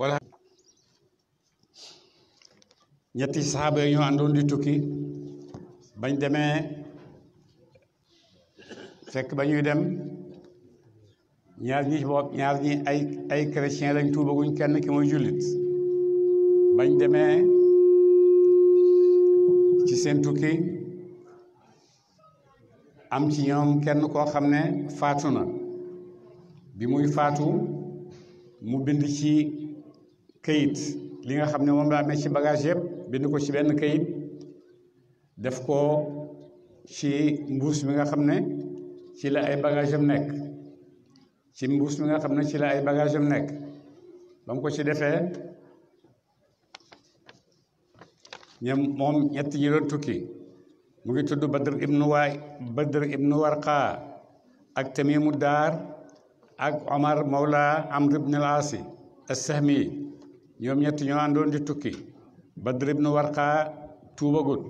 wala ñetti saxaaba yi ñoo àndoon di tukki bañ demee fekk ba ñuy dem ñaar ñi ci ay ay chrétien lañ tuubaguñ kenn ki mooy jullit bañ demee ci seen tukki am ci ñoom kenn koo xam ne faatu na bi muy faatu mu bind ci kayit li nga xam ne moom laa amee ci bagage yëpp bind ko ci benn kayit def ko ci mbuus mi nga xam ne ci la ay bagage am nekk ci mbuus mi nga xam ne ci ay bagage am nekk ba ko ci defee ñam moom ñett ñi tukki mu ngi tudd Badr ibnu waay Badr ibnu Warqa ak Tamimu Daar ak Omar Mawla Amr ibn al-Asi sahmi ñoom ñett ñoo àndoon di tukki badr ibnu warqa tuubagut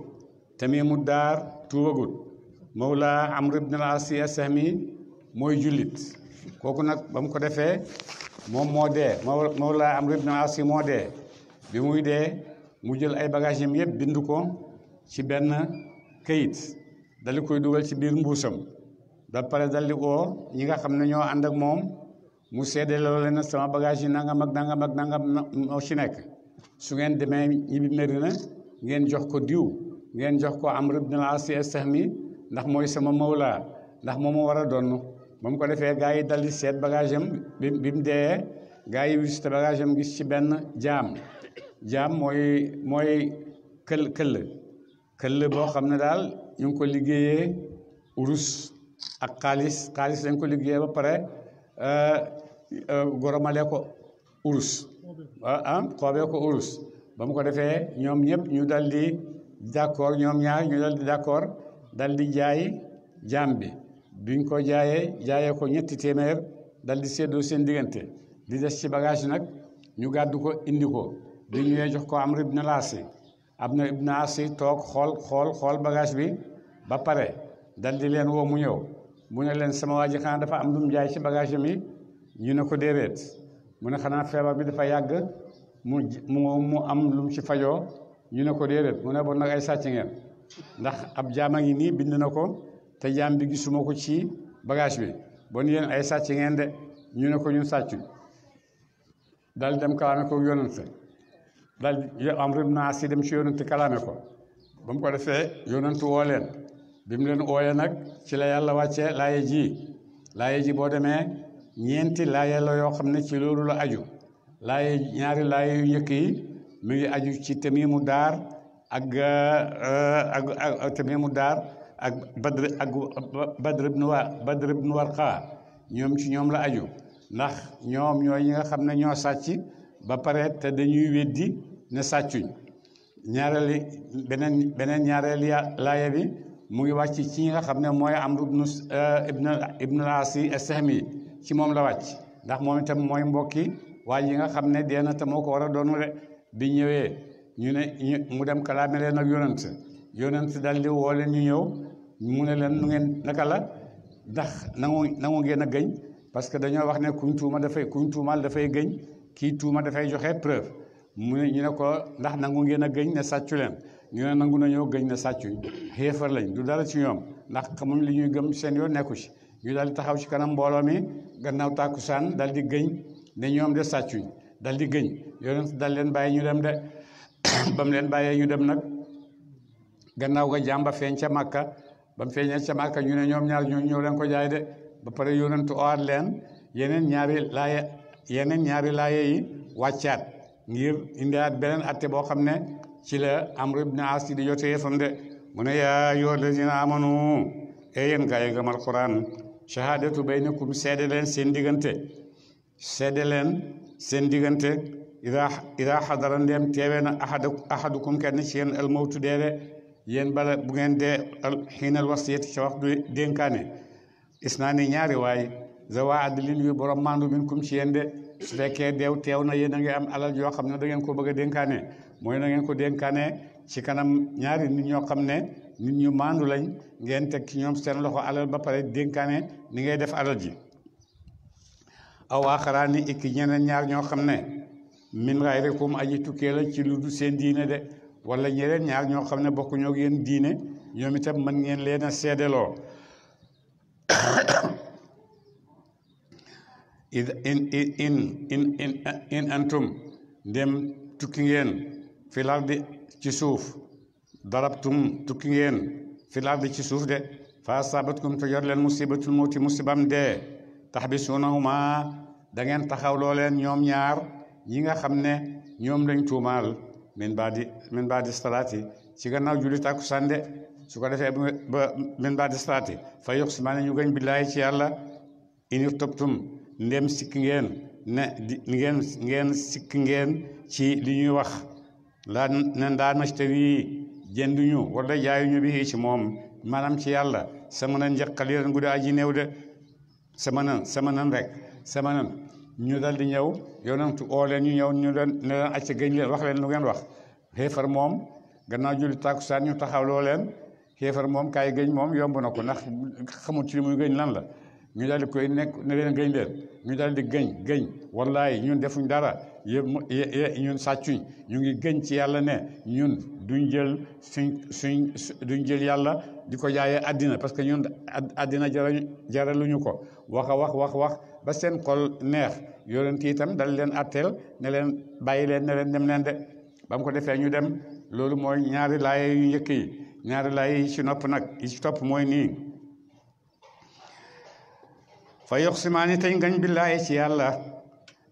mu daar tuubagut mawla amr ibnul asi asahmi mooy jullit kooku nag ba mu ko defee moom moo dee mawla amr ibnul asi moo dee bi muy dee mu jël ay bagage yam yëpp bind ko ci benn kayit dali koy dugal ci biir mbuusam da pare daldi ñi nga xam ne ñoo ànd moom mu seede loole na sama bagage yi nangam ak nangam ak nangam moo ci nekk su ngeen demee ñibbi Medina ngeen jox ko diw ngeen jox ko Amr ibn al-As Sahmi ndax mooy sama mawla ndax moom moo war a donn ba mu ko defee gaa yi daldi seet bagage am bi bi mu dee gaa yi visité bagage am gis ci benn jaam jaam mooy mooy këll këll këll boo xam ne daal ñu ngi ko liggéeyee urus ak xaalis xaalis dañ ko liggéeyee ba pare Eh, eh, goromale ko urus ah xoobee ah, ko urus ba mu ko defee ñoom ñëpp ñu daldi di ñoom ñaar ñu dal di d'accord dal di jaay jaam bi biñ ko jaayee jaayee ko ñetti téeméer dal di séddoo seen diggante di des ci bagage nag ñu gàddu ko indiko ko bi ñëwee jox ko Amr ibn laa as Amr na Al-As toog xool xool bagage bi ba pare daldi leen woo mu ñëw mu ne leen sama waa ji xanaa dafa am lu mu jaay ci bagage mi ñu ne ko déedéet mu ne xanaa feebar bi dafa yàgg mu mu am lu mu ci fajoo ñu ne ko déedéet mu ne bon nag ay sàcc ndax ab jaam a ngi nii bind na ko te jaam bi gisuma ko ci bagage bi bon yéen ay sàcc ñu ne ko ñun sàccu dal dem kalaame ko yonante dal am rib naa si dem ci yonante kalaame ko ba mu ko defee yonantu woo leen bi mu leen ooyee nag ci la yàlla wàccee laaye ji laaye ji boo demee ñeenti laaye la yoo xam ne ci loolu la aju laaye ñaari laaye yu njëkk yi mu ngi aju ci tamimu daar euh, ak ak ak tamimu daar ak badr ak badr ibn wa badr ibn warqa ñoom ci ñoom la aju ndax ñoom ñooy ñi nga xam ne ñoo sàcc ba pare te dañuy weddi ne sàccuñ ñaareeli beneen beneen ñaareeli laaye bi mu ngi wàcc ci nga xam ne mooy am ibn eh, ibn ibn al-Asi as-Sahmi ci moom la wàcc ndax moom itam mooy mbokki waa yi nga xam ne dee na te moo ko war a doon de bi ñëwee ñu ne mu dem kalaa leen ak yonent yonent daal di woo leen ñu ñëw mu ne leen nu ngeen naka la ndax nangu nangu ngeen a gëñ parce que dañoo wax ne kuñ tuuma dafay kuñ tuumaal dafay gëñ kii tuuma dafay joxe preuve mu ne ñu ne ko ndax nangu ngeen a gëñ ne sàccu leen ñu ne nangu nañoo gëñ na sàccuñ xéefar lañ du dara ci ñoom ndax xamuñ li ñuy gëm seen yoon nekku ci ñu daal taxaw ci kanam mbooloo mi gannaaw tàkkusaan dal di gëñ ne ñoom de sàccuñ dal di gëñ yonent dal leen bàyyi ñu dem de ba leen bàyyee ñu dem nag gannaaw ga jàmba feeñ ca màkka bam mu ca màkka ñu ne ñoom ñaar ñoo ñëw leen ko jaay de ba pare yonentu owaat leen yeneen ñaari laaye yeneen ñaari laaye yi wàccaat ngir indiwaat beneen atte boo xam ne ci la amru ibn as di jotee fan de mu ne yaa ayyuha lazina amanu e yéen gaa yi gëm alquran shahadatu baynakum seede leen seen diggante seede leen seen diggante ida ida xadara ndeem teewee na ahadu ahadukum kenn ci yéen almawtu dee de yéen bala bu ngeen dee al xiinal wasiyati ca waxtu dénkaane isnaani ñaari waay zawa adlin yu borom maandu minkum ci yéen de su fekkee deew teew na yéen a ngi am alal yoo xam ne da ko bëgg a dénkaane mooy nangeen ngeen ko dénkaane ci kanam ñaari nit ñoo xam ne nit ñu maandu lañ ngeen teg ci ñoom seen loxo alal ba pare dénkaane ni ngay def alal ji aw aaxaraani ikki ñeneen ñaar ñoo xam ne min ghayrikum aji tukkee la ci lu seen diine de wala ñeneen ñaar ñoo xam ne bokkuñoo ak yéen diine ñoom itam mën ngeen leen a seedeloo in in in in antum dem tukki ngeen fil ardi ci suuf darabtum tukki ngeen fil ardi ci suuf de fa asabatkum te jor leen musibatul de musibam dee taxbisuunahuma da dangeen taxaw loo leen ñoom ñaar ñi nga xam ne ñoom lañ tuumaal min baadi min baadi salaati ci gannaaw julli tàkkusaan de su ko defee ba min baadi salaati fa yuqsimaane ñu gëñ billaahi ci yàlla inir toptum ndem sikki ngeen ci li ñuy wax laa nen laa nastarii jënduñu wala jaayuñu bi ci moom maanaam ci yàlla sama nan njëkk xaliran gu daa ji néew de sama nan sama nan rek sama nan ñu dal di ñëw yonentu oo leen ñu ñëw ñu leen ne leen acca gëñ leen wax leen lu ngeen wax xéefar moom gannaaw julli tàkkusaan ñu taxaw loo leen xéefar moom kaay gëñ moom yomb na ko ndax xamul ci li muy gëñ lan la ñu daal di koy nekk ne leen gëñ leen ñu daal di gëñ gëñ wallaay ñun defuñ dara yé ñun sàccuñ ñu ngi gëñ ci yàlla ne ñun duñ jël suñ suñ duñ jël yàlla di ko jaaye àddina parce que ñun àddina jarañ jaraluñu ko wax a wax wax wax ba seen kol neex yonent itam dal leen atteel ne leen bàyyi leen ne leen dem leen de ba ko defee ñu dem loolu mooy ñaari laay yu njëkk yi ñaari laay yi ci nopp nag yi ci topp mooy nii fa yoqsimaani tañ gañ billaahi ci yàlla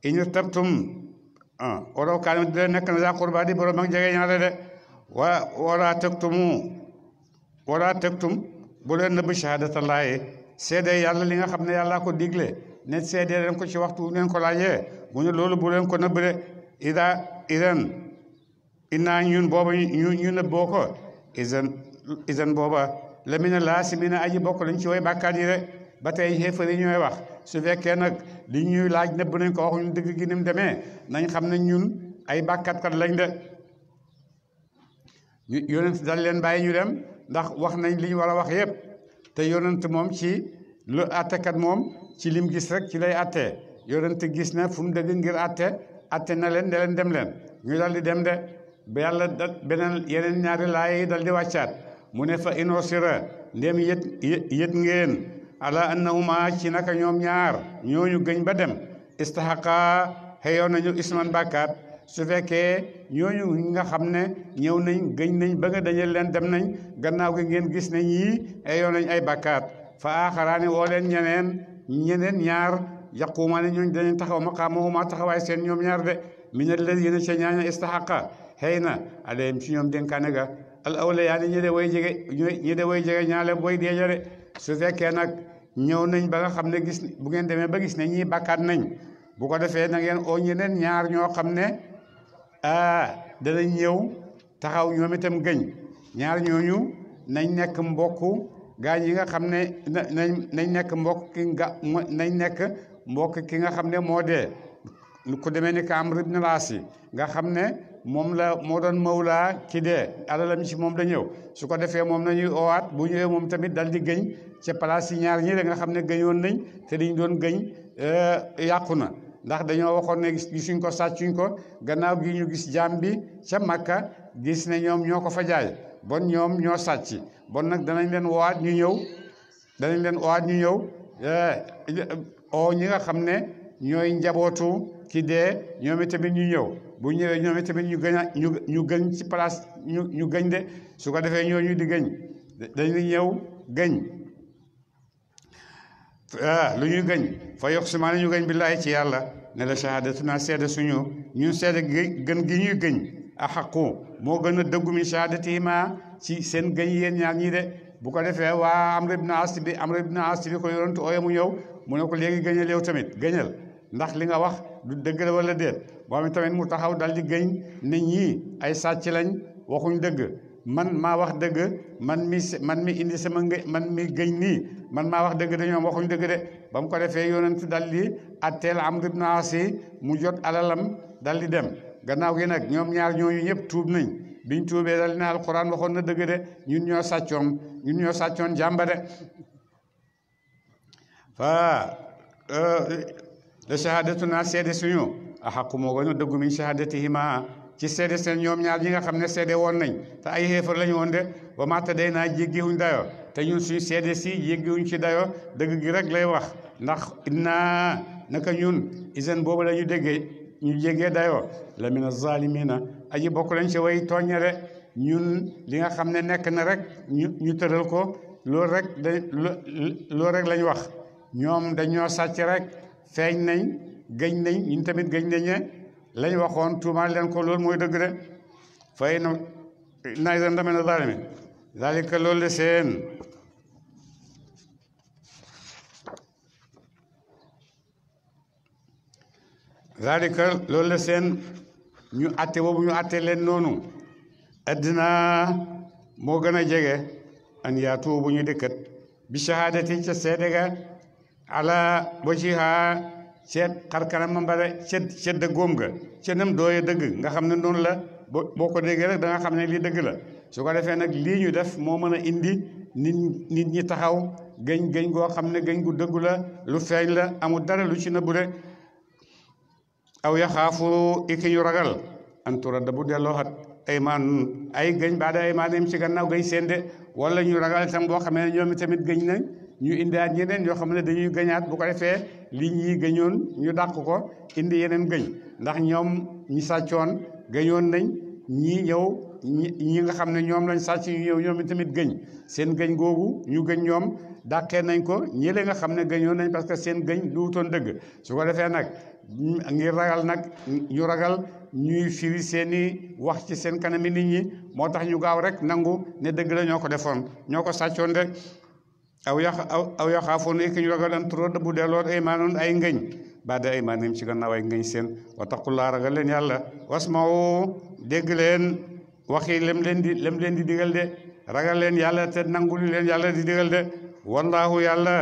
in tabtum ah, waroo kaani di nekk na daa qurba di borom ak jege ñaale de wa wala tëgtumu wala tëgtum bu leen nëbb shahadatallaahi seede yàlla li nga xam ne yàlla ko digle ne seede leen ko ci waxtu leen ko laajee bu ñu loolu bu leen ko nëbb de ida idan inaa ñun booba ñu ñu nëbboo ko idan idan booba la mi na aji bokk lañ ci way bàkkaat yi de ba tey xéefar yi ñooy wax su fekkee nag li ñuy laaj nëbb nañ ko waxuñu dëgg gi ni mu demee nañ xam ne ñun ay bàkkatkat lañ de ñu yonent dal leen bàyyi ñu dem ndax wax nañ li war a wax yépp te yonent moom ci lu àttekat moom ci lim gis rek ci lay àttee yonent gis na fu mu dëgg ngir àtte atte na leen ne leen dem leen ñu dal di dem de ba yàlla da beneen yeneen ñaari laay yi dal wàccaat mu ne fa inosira ndéem yët yët ngeen ala annahuma ci naka ñoom ñaar ñooñu gëñ ba dem istahaqa xëyoon nañu isman bàkkaat su fekkee ñooñu nga xam ne ñëw nañ gëñ nañ ba nga dañal leen dem nañ gannaaw gi ngeen gis ne ñii xëyoon nañ ay bàkkaat fa aaxaraani woo leen ñeneen ñeneen ñaar yaquuma ne ñooñu dañu taxaw maqaamahuma taxawaay seen ñoom ñaar de min alladina ca ñaaña istahaqa xëy na alayhim ci ñoom dénkaane ga al awla yaa way jege ñi way jege ñaale way deejale su ñëw nañ ba nga xam ne gis bu ngeen demee ba gis ne ñii bàkkaat nañ bu ko defee na ngeen oo ñeneen ñaar ñoo xam ne ah danañ ñëw taxaw ñoom itam gëñ ñaar ñooñu nañ nekk mbokk gaañ yi nga xam ne nañ nekk mbokk ki nga nekk mbokk ki nga xam ne moo dee ku demee ni Amr ibn Laas yi nga xam ne moom la moo doon mawlaa ki dee alalam ci moom la ñëw su ko defee moom nañuy owaat bu ñëwee moom tamit dal di gëñ ca place yi ñaar ñi da nga xam ne gëñoon nañ te liñ doon gëñ euh, yàqu na ndax dañoo waxoon ne gisuñ ko sàccuñ ko gannaaw gi ñu gis jaam bi ca Makka gis ne ñoom ñoo ko fa jaay bon ñoom ñoo sàcc bon nag danañ leen owaat ñu ñëw danañ leen owaat ñu ñëw euh, o ñi nga xam ne ñooy njabootu ki dee ñoom itamit ñu ñëw bu ñëwee ñoom tamit ñu gën a ñu ñu gëñ ci place ñu ñu gëñ de su ko defee ñooñu di gëñ dañuy ñëw gëñ ah, lu ñuy gëñ fa yox sumaane ñu gën billaahi ci yàlla ne la shahaadatuna seede suñu ñu seede gën gi ñuy gëñ a xaqu moo gën a dëggu mi shahaadatihima si seen gën yéen ñaar ñii de bu ko defee waa amr ibn as bi am amr ibn as bi ko yorontu ooye mu ñëw mu ne ko léegi gëñal yow tamit gëñal ndax li nga wax du dëgg la wala déet moom tamit mu taxaw dal di gëñ ne ñii ay sàcc lañ waxuñ dëgg man maa wax dëgg man mi man mi indi sama man mi gëñ nii man maa wax dëgg de ñoom waxuñ dëgg de ba mu ko defee yonentu dal teel atteel Amr ibn As mu jot alalam dal di dem gannaaw gi nag ñoom ñaar ñooñu ñëpp tuub nañ biñ tuubee dal di ne alquran waxoon na dëgg de ñun ñoo sàccoon ñun ñoo sàccoon jàmba de fa euh, te shahadatu naa seede suñu a xaqu moo gën a dëggu min ci seede seen ñoom ñaar ñi nga xam ne seede woon nañ te ay xéefar lañu woon de wa maa tadday naa jéggiwuñ dayo te ñun suñu seede si jéggiwuñ ci dayo dëgg gi rek lay wax ndax inna naka ñun isen boobu la ñu déggee ñu jéggee dayoo la mina zalimina aji bokk lañ ci way tooñere ñun li nga xam ne nekk na rek ñu ñu tëral ko loolu rek da loolu rek lañ wax ñoom dañoo sàcc rek feeñ nañ gëñ nañ ñun tamit gëñ nañ ne lañ waxoon tuumaal leen ko loolu mooy dëgg de fay na naaj la ndame na zaalimi zaalika loolu de seen zaalika loolu de seen ñu atte boobu ñu atte leen noonu addina moo gën a jege an yaatu bu ñu dëkkat bi shahadati ca seede ga ala wajiha ceet xarkanam ba de cet cet de góom ga cetam dooye dëgg nga xam ne noonu la boo ko déggee rek da xam ne lii dëgg la su ko defee nag lii ñuy def moo mën a indi nit nit ñi taxaw gëñ gëñ goo xam ne gëñ gu dëggu la lu feeñ la amul dara lu ci nëbbu de aw yaxaafu iki ñu ragal antura da bu delloo xat ay maan ay gëñ baada ay maan ci gannaaw gëñ seen de wala ñu ragal itam boo xamee ne ñoom tamit gëñ nañ ñu indiwaat yeneen yoo xam ne dañuy gëñaat bu ko defee li ñuy gëñoon ñu dàq ko indi yeneen gëñ ndax ñoom ñi sàccoon gëñoon nañ ñii ñëw ñi nga xam ne ñoom lañ sàcc ñu ñëw ñoom tamit gëñ seen gëñ googu ñu gëñ ñoom dàqee nañ ko ñële nga xam ne gëñoon nañ parce que seen gëñ du wutoon dëgg su ko defee nag ngir ragal nag ñu ragal ñuy firi seeni wax ci seen kanami nit ñi moo tax ñu gaaw rek nangu ne dëgg la ñoo ko defoon ñoo ko sàccoon rek aw yax aw yaxaafoon yëkk ñu ragal an trop bu delloon ay maanoon ay ngëñ baada ay maanaam ci gannaaw ay ngëñ seen wa taqullaa ragal leen yàlla wasma'u dégg leen waxi lem leen di lem leen di digal de ragal leen yàlla te nangul leen yàlla di digal de wallaahu yàlla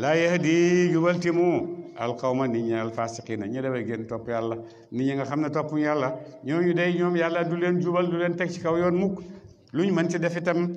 laa yahdi jubal timu alxawma nit ñi alfasiqiina ñi dafay génn topp yàlla nit ñi nga xam ne topp yàlla ñooñu day ñoom yàlla du leen jubal du leen teg ci kaw yoon mukk lu ñu mën ci def itam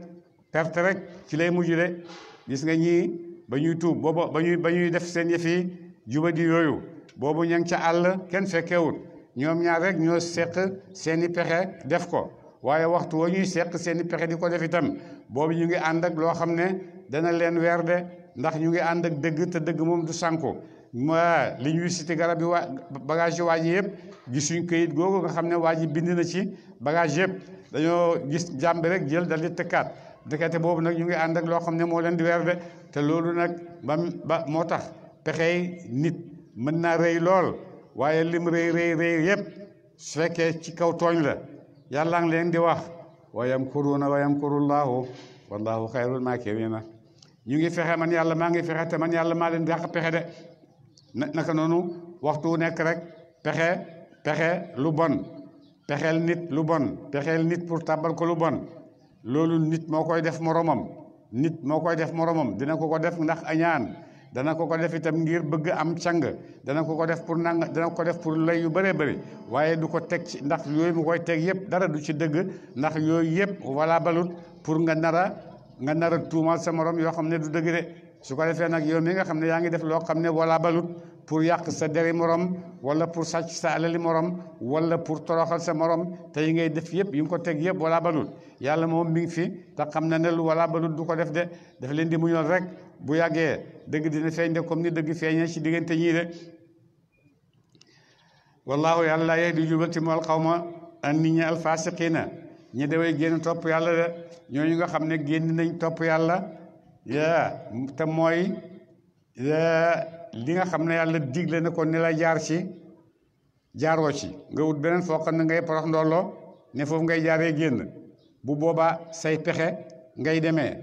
perte rek ci lay mujj de gis nga ñii ba ñuy tuub booba ba ñuy ba ñuy def seen yëf yi jubadi yooyu boobu ña ca àll kenn fekkewut ñoom ñaar rek ñoo seq seen i pexe def ko waaye waxtu wa ñuy seq seen i pexe di ko def itam boobu ñu ngi ànd ak loo xam ne dana leen weer de ndax ñu ngi ànd ak dëgg te dëgg moom du sànku ma li ñuy cité garab yi waa bagage yi waa ji yëpp gisuñ këyit googu nga xam ne waa ji bind na ci bagage yëpp dañoo gis jàmbi rek jël dal tëkkaat ndekete boobu nag ñu ngi ànd ak loo xam ne moo leen di weer de te loolu nag ba ba moo tax pexey nit mën naa rëy lool waaye lim rëy rëy rëy yëpp su ci kaw tooñ la yàlla ngi leen di wax wa yamkuruuna wa yamkurullaahu wallaahu xayrul maakiriina ñu ngi fexe man yàlla maa ngi fexe te man yàlla maa leen dàq pexe de naka noonu waxtu nekk rek pexe pexe lu bon pexeel nit lu bon pexeel nit pour tàbbal ko lu bon loolu nit moo koy def moromam nit moo koy def moroomam dina ko ko def ndax añaan dana ko ko def itam ngir bëgg am càng dana ko ko def pour nang dana ko def pour lay yu bëree bëri waaye du ko teg ndax yooyu mu koy teg yëpp dara du ci dëgg ndax yooyu yëpp walaa balut pour nga nar a nga nar a tuumaal sa morom yoo xam ne du dëgg de su ko defee nag yow mi nga xam ne yaa ngi def loo xam ne wala balut pour yàq sa deri morom wala pour sàcc sa alali morom wala pour toroxal sa morom te yi ngay def yëpp yi nga ko teg yëpp walaa balul yàlla moom mi ngi fi te xam na ne lu walaa balul du ko def de daf leen di muñoon rek bu yàggee dëgg dina feeñ de comme ni dëgg feeñee ci diggante ñii de wallaahu yàlla laa yahdi jubal ci mool xaw ma an nit ñi alfaasiqiina ñi daway génn topp yàlla de ñooñu nga xam ne génn nañ topp yàlla te mooy li nga xam ne yàlla digle ne ko ni la jaar ci jaaroo ci nga wut beneen foo xam ne ngay porox ndolloo ne foofu ngay jaaree génn bu boobaa say pexe ngay demee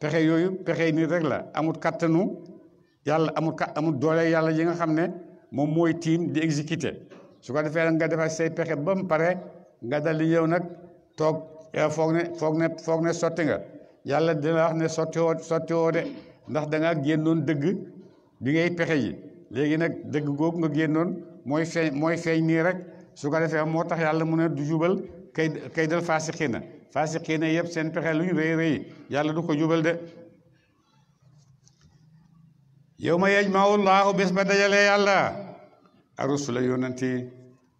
pexe yooyu pexe nii rek la amut kattanu yàlla amut kat amut doole yàlla yi nga xam ne moom mooy tiim di exécuter su ko defee nag nga defar say pexe ba mu pare nga dal di yow nag toog eh, foog ne foog ne foog ne sotti nga yàlla dina wax ne sotti woo sotti woo de ndax da nga génnoon dëgg bi ngay pexe yi léegi nag dégg googu nga génnoon mooy feeñ mooy feeñ nii rek su ko defee moo tax yàlla mu ne du jubal kay kay dal faasixiina faasixiina yëpp seen pexe lu ñu rëy rëy yàlla du ko jubal de yow ma ma yajmau llaahu bés ba dajalee yàlla arusula yonent yi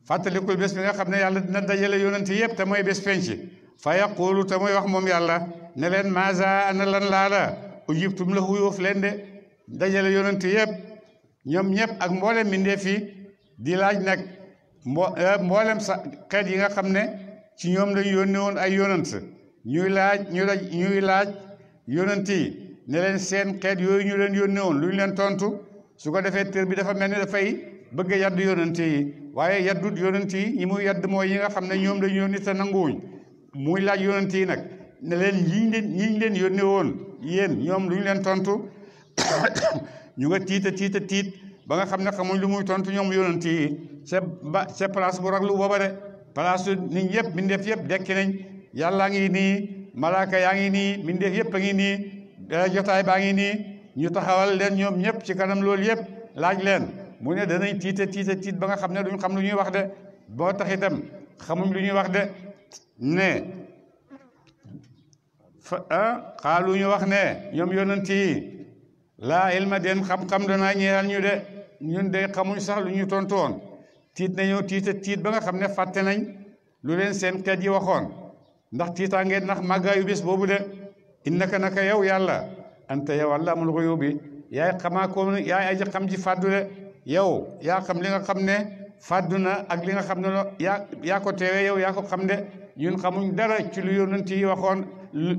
fàttalikul bés bi nga xam ne yàlla dina dajale yonent yëpp te mooy bés penc fa yaqulu te mooy wax moom yàlla ne leen maasa ana lan laa la ujibtum lahu yuuf leen de dajale yonent yëpp ñoom ñëpp ak mboolem mbindeef yi di laaj nag mbo eh, mboolem sax xeet yi nga xam ne ci ñoom lañu yónnee woon ay yonent ñuy laaj ñu la ñuy laaj yonent yi ne leen seen xeet yooyu ñu leen yónnee lu leen tontu su ko defee tër bi dafa mel ni dafay bëgg yadd yonent yi waaye yaddut yonent yi ñi muy yadd mooy yi nga xam ne ñoom lañu yónni te nanguwuñ muy laaj yonent yi nag ne leen ñi leen ñi yéen ñoom lu leen tontu. ñu nga tiita tiita tiit ba nga xam ne xamuñ lu muy tontu ñoom yonent yi ca ba ca place bu raglu booba de place su nit ñëpp mbindeef yëpp dekki nañ yàllaa ngi nii malaaka yaa ngi nii mbindeef yëpp a ngi nii jotaay baa ngi nii ñu taxawal leen ñoom ñëpp ci kanam loolu yëpp laaj leen mu ne danañ tiita tiita tiit ba nga xam ne duñ xam lu ñuy wax de boo tax itam xamuñ lu ñuy wax de ne fa ah, xaalu ñu wax ne ñoom yonent yi laa ilma den xam-xam danaa ñeexal ñu de ñun de xamuñ sax lu ñu tontu woon tiit nañoo tiita tiit ba nga xam ne fàtte nañ lu leen seen xeet yi waxoon ndax tiitaange ndax màggaayu bés boobu de innaka naka yow yàlla anta yow allaamul xuyubi yaay xamaa ko yaay aji xam ji fàddu de yow yaa xam li nga xam ne fàddu na ak li nga xam ne yaa yaa ko teewee yow yaa xam de ñun xamuñ dara ci lu yonent yi waxoon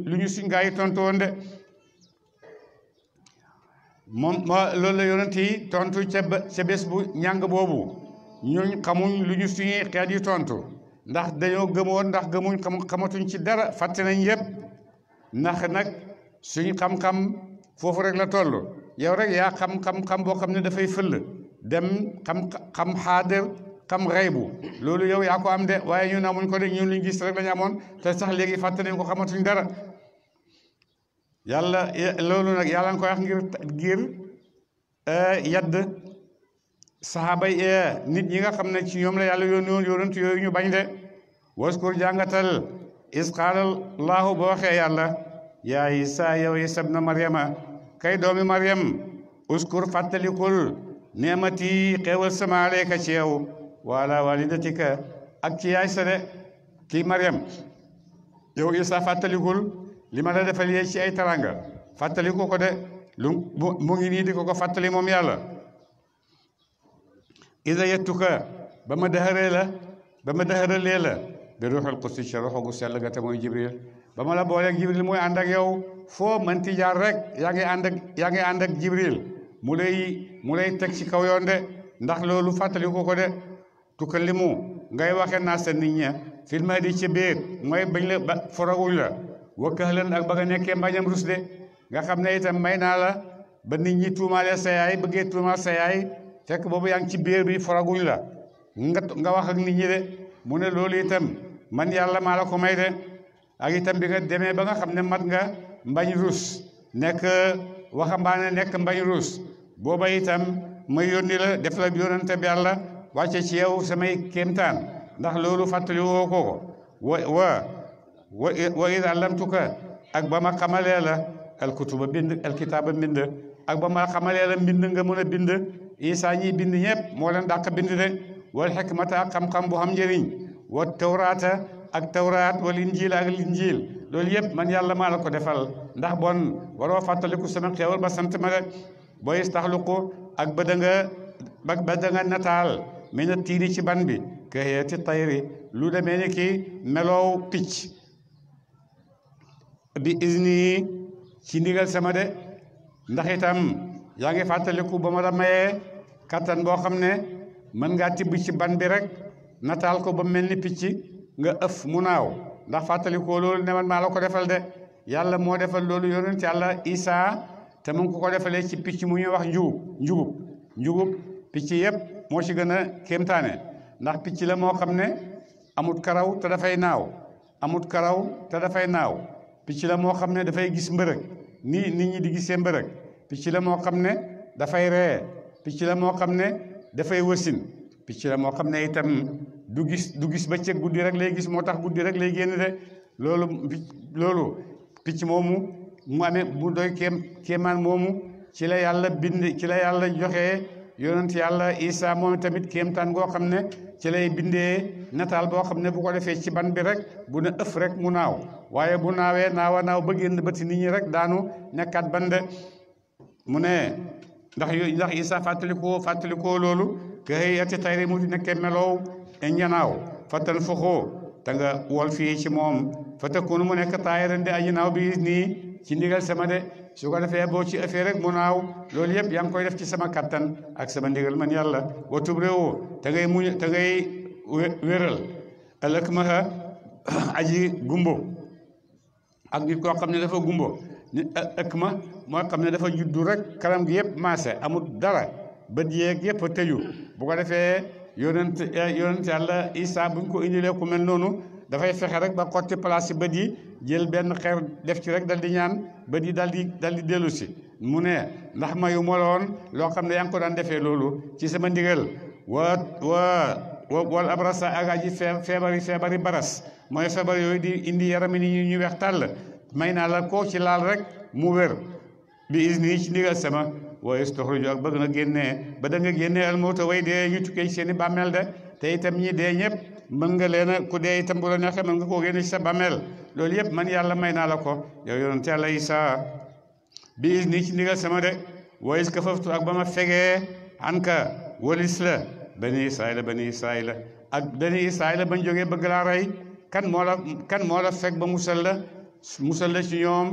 lu ñu suñ gaa yi tontu de moom mm. loolu la yonent yi tontu ca ca bés bu ñàng boobu ñooñ xamuñ lu ñu suñuy xeet yi tontu ndax dañoo gëmoon ndax gëmuñ kam xamatuñ ci dara fatte nañ yëpp ndax nag suñ xam-xam foofu rek la toll yow rek yaa xam-xam-xam boo xam ne dafay fëll dem xam xam xaadir xam bu loolu yow yaa ko am de waaye ñun amuñ ko de ñun liñ gis rek la ñu te sax léegi fàtte nañ ko xamatuñ dara yàlla loolu nag yàlla nga koy wax ngir ngir eh, yadd saxaaba yi eh, nit ñi nga xam ne ci ñoom la yàlla yónni woon yonent yooyu ñu bañ de waskur jàngatal is qaala laahu ba waxee yàlla yaa Isa yow Isa ibna Maryama kay doomi Maryam uskur fàttalikul neemati xéewal sama aleyka ci yow wala walidatika ak ci yaay sa kii Maryam yow Isa fàttalikul li ma la defal yee ci ay taranga fàttali ko ko de lu mu ngi nii di ko ko fàttali moom yàlla isa yettuka ba ma daxaree ba ma daxaralee la bi ruuxul qudsi ca ruuxu gu sell ga te mooy jibril ba ma la booleeg jibril mooy ànd ak yow foo mënti jaar rek yaa ngi ànd ak yaa mu lay mu lay teg ci kaw yoon de ndax loolu fàttali ko ko de tukkal li mu ngay waxe naa sa nit ña filma di ci biir mooy bañ la ba forawuñ wakkaxlan ak ba nga nekkee mbañam rus de nga xam ne itam may naa la ba nit ñi tuumaale sa yaay bëggee tuumaal sa yaay fekk boobu yaa ngi ci biir bi foraguñ la nga nga wax ak nit ñi de mu ne loolu itam man yàlla maa la ko may de ak itam bi nga demee ba nga xam ne mat nga mbañ rus nekk waxambaane nekk mbañ rus booba itam may yónni la def la yónnante bi yàlla wàcce ci yow samay kéemtaan ndax loolu fàttali woo ko wa wa id allamtuka ak ba ma xamalee la alkutuba bind alkitaaba mbind ak ba ma xamalee la mbind nga mën a bind isa ñi bind ñëpp moo leen dàq bind de wal xikmata xam-xam bu xam njëriñ wa tawraata ak tawraat wal injiil ak linjiil loolu yëpp man yàlla maa la ko defal ndax bon waroo fàttaliku sama xéewal ba sant ma rek boo istaxluqu ak ba da nataal mi na tiini ci ban bi ka yeeti tayri lu demee meloow picc bi isni ci ndigal sama de ndax itam yaa ngi fàttaliku ba ma la mayee kattan boo xam ne mën ngaa tibb ci ban bi rek nataal ko ba mel ni picc nga ëf mu naaw ndax fàttalikoo loolu ne man maa la ko defal de yàlla moo defal loolu yonent yàlla Isaa te mu ngi ko ko defalee ci picc mu ñuy wax njugub njugub njugub picc yëpp moo ci gën a kéemtaane ndax picc la moo xam ne amut karaw te dafay naaw amut karaw te dafay naaw picc la moo xam ne dafay gis mbërëg nii nit ñi di gisee mbërëg picc la moo xam ne dafay ree picc la moo xam ne dafay wasin picc la moo xam ne itam du gis du gis ba cëg guddi rek lay gis moo tax guddi rek lay génn de loolu loolu picc moomu mu amee mu doy kéem kéemaan moomu ci la yàlla bind ci la yàlla joxe yonent yàlla Isa moom tamit kéemtaan goo xam ne ci bindee nataal boo xam ne bu ko defee ci ban bi rek bu ne ëf rek mu naaw waaye bu naawee naawa naaw ba génn bëti nit ñi rek daanu nekkaat ban de mu ne ndax yooyu ndax Isa fàttalikoo fàttalikoo loolu ke hëyati tayri mu di nekkee melow e ñanaaw fattan foxoo te nga wol fii ci moom fa takunu mu nekk taayiran di aji naaw bi nii ci ndigal sama de su ko defee boo ci ëffee rek mu naaw loolu yëpp yaa ngi koy def ci sama kattan ak sama ndigal man yàlla watub réewoo ta ngay muñ te ngay wéral ëllëg ma aji gumbo ak nit koo xam ne dafa gumbo nit ëkk ma moo xam ne dafa juddu rek kanam gi yëpp maase amul dara bët yeeg yëpp a tëju bu ko defee yonent eh, yonent yàlla Isaa ko indilee ku noonu dafay fexe rek ba xotti place bët yi jël benn xeer def ci rek dal di ñaan ba di dal di dal di dellu si mu ne ndax mayu ma la woon loo xam ne yaa ngi ko daan defee loolu ci sama ndigal wa wa wal abrasa ak aji feebari feebari baras mooy feebar yooyu di indi yaram ni ñu ñu weex tàll may naa la koo ci laal rek mu wér bi isni ci ndigal sama waaye istaxruju ak bëgg na génnee ba da nga génnee almawta way dee ñu tukkee ci seen i bàmmeel de te itam ñi dee ñëpp mën nga leen a ku dee itam bu la neexee mën nga koo génne ci sa bameel loolu yëpp man yàlla may naa la ko yow yonent yàlla Isaa biis nii ci ndigal sama de wayis ka faftu ak ba ma fegee anka walis la bani Israayla bani Israayla ak bani Israayla bañ jógee bëgg laa rey kan moo kan moo la fekk ba musal la musal la ci ñoom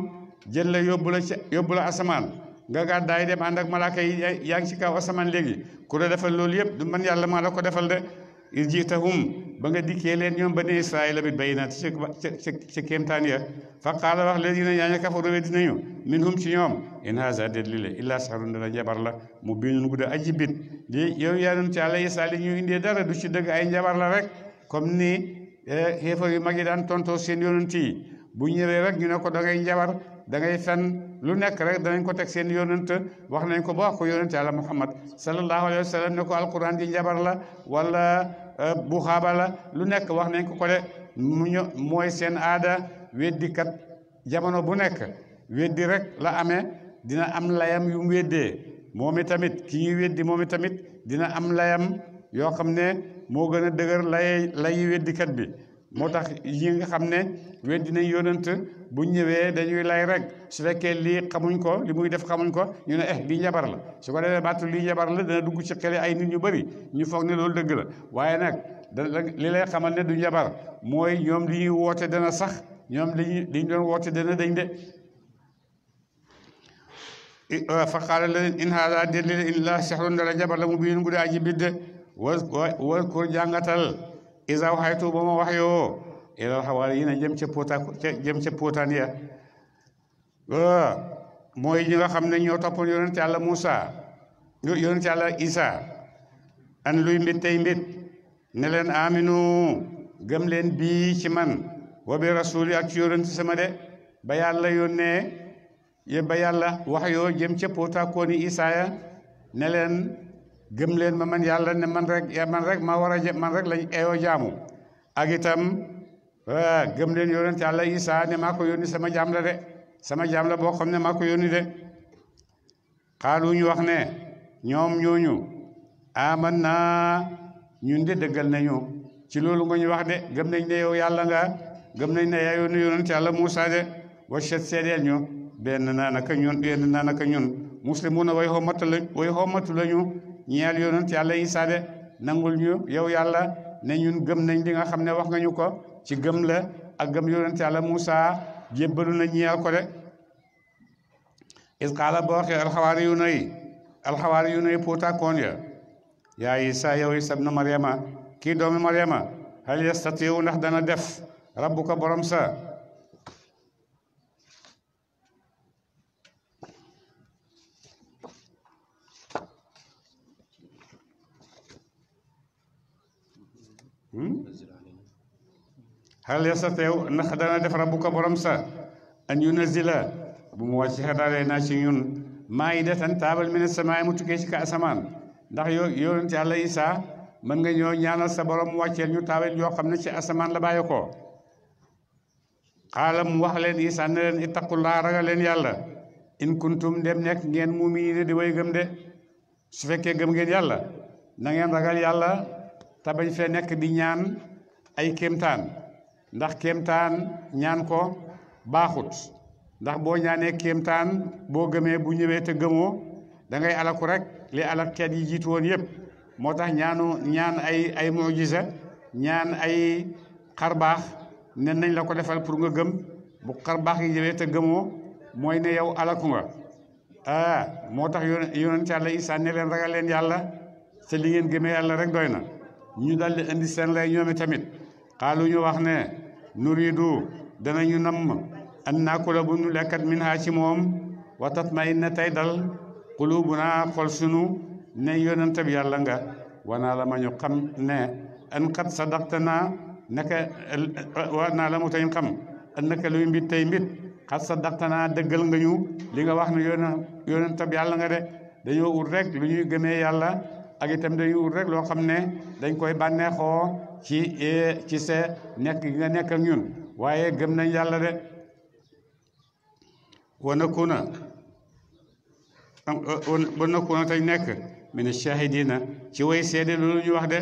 jël la yóbbu la ci yóbbu la asamaan nga gàddaay dem ànd ak malaaka yi yaa ngi ci kaw asamaan léegi ku la defal loolu yëpp du man yàlla maa la defal de is jiitahum ba nga dikkee leen ñoom bani israila bi baynaat ca ca ca kéemtaan ya fa qaala wax ladina yaa ña kafaru we dinañu minhum ci ñoom in haasa déet le illaa saxarun dana njabar la mu biinun gudda aji bit di yow yaa nun ci àlla isaa li ñu indee dara du ci dëgg ay njabar rek comme ni eh, xéefar yu tontoo seen yonent yi bu ñëwee rek ñu ne ko da ngay fen lu nekk rek danañ ko teg seen yonent wax nañ ko ba wax ko yonent yàlla muhammad sallallahu alayhi wa sallam ne ko alquran ji njabar la wala euh, buxaaba la lu nekk wax nañ ko ko de mu ñu mooy seen aada weddikat jamono bu nekk weddi rek la ame dina am layam yu mu weddee moom tamit ki ñuy weddi moom tamit dina am layam yoo xam ne moo gën a dëgër lay layi weddikat bi moo tax yi nga xam ne weddi nañ yonent bu ñëwee dañuy lay rek su fekkee lii xamuñ ko li muy def xamuñ ko ñu ne eh lii njabar la su ko defee battu lii njabar la dana dugg ci xeli ay nit ñu bari ñu foog ne loolu dëgg la waaye nag li lay xamal ne du njabar mooy ñoom li ñuy woote dana sax ñoom liñu li ñu doon woote dana dañ de fa qaala leen in haada dellile illa sihrun dara njabar la mu biin gu daa ji bidde wa ko jàngatal isa waxaytu ba ma wax yoo ilal xawaari yi na jëm ca poota jëm ca pootaan mooy ñi nga xam ne ñoo toppoon yonent yàlla Muusa yonent yàlla Isa an luy mbit tey mbit ne leen aminu gëm leen bii ci man wa bi rasuli ak ci yonent sama de ba yàlla yónnee ye ba yàlla wax yoo jëm ca poota kooni Isa ya ne leen gëm leen ma man yàlla ne eh, man rek man rek ma war a man rek lañ eyoo jaamu ak gëm leen yonent yàlla Isa ne maa ko sama jaam de sama jaam la boo xam ne maako ko de xaalu ñu wax ne ñoom ñooñu aman naa ñun de dëggal nañu ci loolu nga ñu wax de gëm nañ ne yow yàlla nga gëm nañ ne yaa yónni yonent yàlla Muusa de wachet seedeel ñu benn naa naka ñun benn naa naka ñun muslimuna way xommatu la way xommatu la ñu ñeel yonent yàlla Isa de nangul ñu yow yàlla ne ñun gëm nañ li nga xam ne wax nga ñu ko ci gëm la ak gëm yonent yàlla Moussa jébbalu na ñeel ko de is qaala boo waxee alxawaari yu nay alxawaari yu nay puutaakoon ya yaa Isa yow Isa ibnu Maryama kii doomi Maryama hal yastatiiw ndax dana def rabbuka borom sa hmm? xal yastateew ndax dana def rabbuka borom sa a an yunazila bu mu wàcc xadaale naa ci ñun maa yi datan taabal mi ne samaay mu tukkee ci ka asamaan ndax yoo yonent yàlla Isaa mën nga ñoo ñaanal sa borom wàcceel ñu taabal yoo xam ne ci asamaan la bàyyi ko xaala mu wax leen Isaa ne leen ittaqullaa ragal leen yàlla in kuntum dem nekk ngeen muumini di way gëm de su fekkee gëm ngeen yàlla na ngeen ragal yàlla tabañ bañ fee nekk di ñaan ay kéemtaan ndax kemtaan ñaan ko baaxut ndax boo ñaanee kéemtaan boo gëmee bu ñëwee te gëmoo da ngay alaku rek li alak ket yi jiitu woon yëpp moo tax ñaanu ñaan ay ay mujisa ñaan ay xar baax ne nañ la ko defal pour nga gëm bu xar baax yi ñëwee te gëmoo mooy ne yow alaku nga ah moo tax yonent yàlla Isaa ne leen ragal leen yàlla te li ngeen gëmee yàlla rek doy na ñu daldi indi seen lay ñoome tamit xaalu ñu wax ne nuridu ñu namm an naakula bu ñu lekkat min haa ci moom wa tatmainna tey dal qulubuna xol sunu ne yonente bi yàlla nga wa la ma ñu xam ne an xat sadaqtana naka wanaa la mu tañ xam an naka luy mbit tey mbit xat sadaqtana dëggal nga ñu li nga wax ne yoon yonente bi yàlla nga de dañoo ut rek lu ñuy gëmee yàlla ak itam dañuy ut rek loo xam ne dañ koy bànneexoo ci eh, ci see nekk gi nga nekk ak ñun waaye gëm nañ yàlla de wana kuna ba kuna tañ nekk min shahidina ci way seede loolu ñu wax de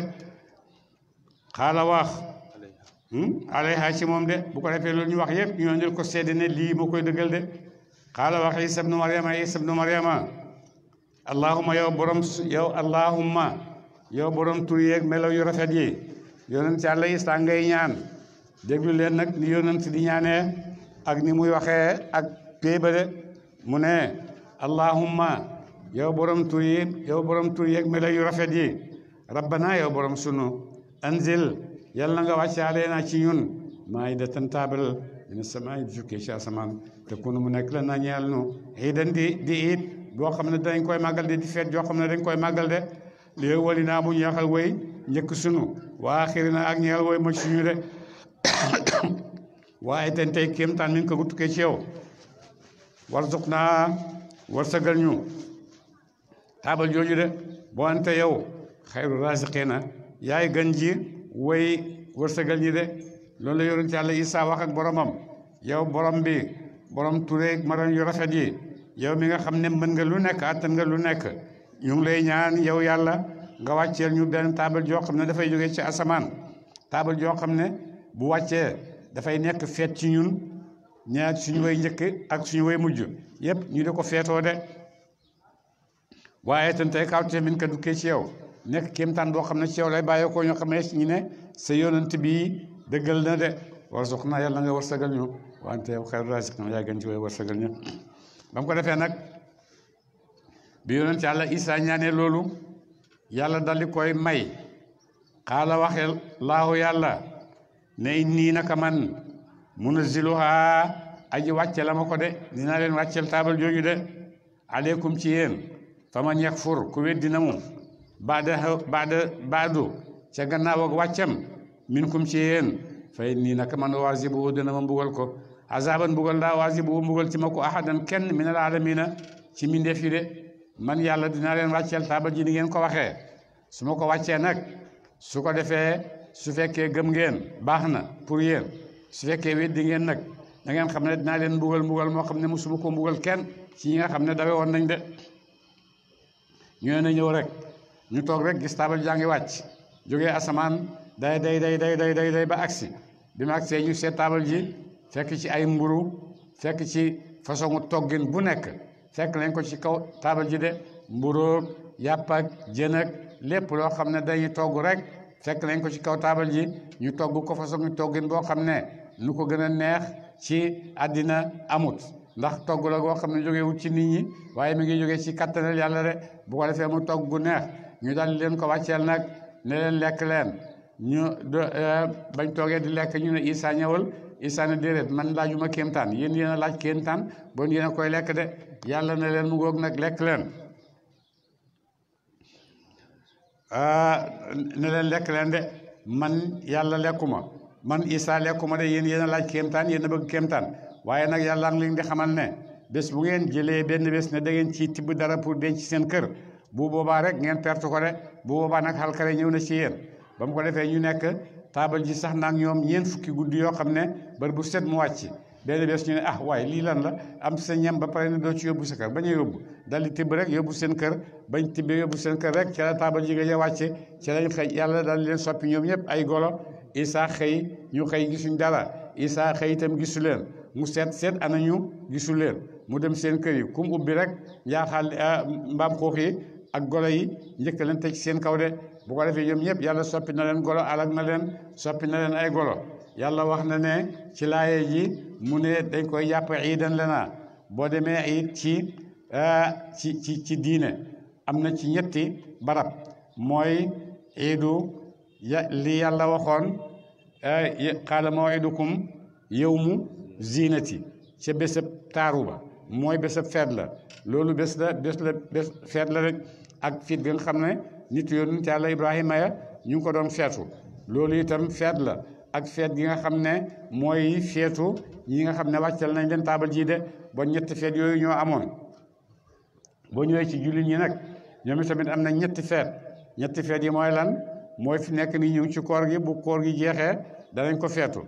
xaala wax hmm? alayha ci moom de bu ko defee loolu ñu wax yëpp ñoo ñu ko seede ne lii moo koy dëggal de xaala wax seb isa bnu mariama isa bnu mariama allahumma yow borom yow allahumma yow borom tur yeeg melaw yu rafet yi yonent yàlla yi sàngay ñaan déglu leen nag ni yonent di ñaanee ak ni muy waxee ak péeba mu ne allahumma yow borom tur yi yow borom tur yeeg melo yu rafet yi rabbana yow borom sunu anzil yàlla nga wàcce aleenaa ci ñun maa yi da tan taabal mina samaay di jukkee ci asamaan te kunu mu nekk la naa ñeel nu iidan di di iid boo xam ne dañ koy màggal de di fet joo xam ne dañ koy màggal de li naa bu ñu yaxal wéy njëkk sunu waa xiri na ak ñeel wooy moc suñu de waaye ten tey kéemtaan min ko gu tukkee ci yow warzuq naa warsagal ñu taabal jooju de boo ante yow xayru raziqina yaay gën ji woy warsagal ñi de loolu la yonent Yàlla Isaa wax ak boromam yow borom bi borom tureeg maram yu rafet yi yow mi nga xam ne mën nga lu nekk attan nga lu nekk ñu ngi lay ñaan yow yàlla nga wàcceel ñu benn taabal joo xam ne dafay jóge ci asamaan taabal joo xam ne bu wàccee dafay nekk feet ci ñun ñaar suñu way njëkk ak suñu way mujj yëpp ñu di ko feetoo de waaye tan tey kawtee min ka dukkee ci yow nekk kéemtaan boo xam ne ci yow lay bàyyee ko ñu xamee ñu ne sa yonent bii dëggal na de war sox naa yàlla nga war sagal ñu wante yow xayru raasiqiin yaa gën war sagal ñu ba mu ko defee nag bi yonent yàlla Isaa ñaanee loolu yàlla daldi koy may xaala waxe laahu yàlla ne nii naka man munazziluhaa aji wàcce la ma ko de dina leen wàccel taabal jooju de aleykum ci yéen faman yakfur ku weddi na mu baada baada baadu ca gannaaw ak wàccam minkum ci yéen fay nii naka man waazibu dina ma mbugal ko azaban mbugal laa waazibu mbugal ci ma ko ahadan kenn min al alamina ci mindeef yi de man yàlla dinaa leen wàcceel taabal ji ni ngeen ko waxee su ma ko wàccee nag su ko defee su fekkee gëm ngeen baax na pour yéen su fekkee weddi ngeen nag da ngeen xam ne dinaa leen mbugal mbugal moo xam ne musuma ko mbugal kenn ci ñi nga xam ne dawe woon nañ de ñoo na ñëw rek ñu toog rek gis taabal jaa ngi wàcc jógee asamaan day day day day day day day ba agsi bi ma agsee ñu seet taabal ji fekk ci ay mburu fekk ci façon toggin bu nekk fekk lañ ko ci kaw taabal ji de mburóog yàpp ak jën lépp loo xam ne dañuy togg rek fekk lañ ko ci kaw taabal ji ñu togg ko façon toggin boo xam ne lu ko gën a neex ci àddina amut ndax togg la goo xam ne jógewut ci nit ñi waaye mi ngi jógee ci kattanal yàlla de bu ko defee mu togg gu neex ñu daal leen ko wàcceel nag ne leen lekk leen ñu euh, bañ toogee di lekk ñu ne Isaa ñëwal Isa ne déedéet man laajuma kéemtaan yéen yéen a laaj kéemtaan bon yéen a koy lekk de yàlla ne leen mu ngoog nag lekk leen ah, ne leen lekk leen de man yàlla lekkuma man Isa lekkuma de yéen yéen laaj kéemtaan yéen a bëgg kéemtaan waaye nag yàlla ngi leen di xamal ne bés bu ngeen jëlee benn bés ne da ngeen ci tibb dara pour denc seen kër bu boobaa rek ngeen perte ko de bu booba nag xalkare ñëw na ci yéen ba ko defee ñu nekk taabal ji sax naag ñoom ñeent fukki guddi yoo xam ne bër bu set mu wàcc benn bés ñu ne ah waaye lii lan la am sa ñam ba pare ne doo ci yóbbu sa kër bañ a yóbbu dal di tibb rek yóbbu seen kër bañ tibbee yóbbu seen kër rek ca la taabal ji nga wàcce ca lañ xëy yàlla daal di leen soppi ñoom ñëpp ay golo isaa xëy ñu xëy gisuñ dara isaa xëy itam gisu leen mu seet seet anañu gisu leen mu dem seen kër yi kum ubbi rek njaaxaal ah, mbaam xoox yi ak golo yi njëkk leen seen kaw bu ko defee ñoom ñëpp yàlla soppi na leen golo alag na leen soppi na leen ay golo yàlla wax na ne ci laaye ji mu ne dañ koy jàpp iidan lana boo demee it ci euh, ci ci ci diine am na ci ñetti barab mooy iidu li yàlla waxoon xaala euh, maw'idukum yawmu ziinati ca bésab taaru ba mooy bésab feet la loolu bés la bés la bés ak fit bi xam ne nit yonent yàlla Ibrahima ya ñu ngi ko doon feetu loolu itam feet la ak feet gi nga xam ne mooy feetu ñi nga xam ne wàccal nañ leen taabal jii de ba ñetti feet yooyu ñoo amoon boo ñëwee ci jullit ñi nag ñoom tamit am na ñetti feet ñetti feet yi mooy lan mooy fi nekk ni ñu ngi ci koor gi bu koor gi jeexee danañ ko feetu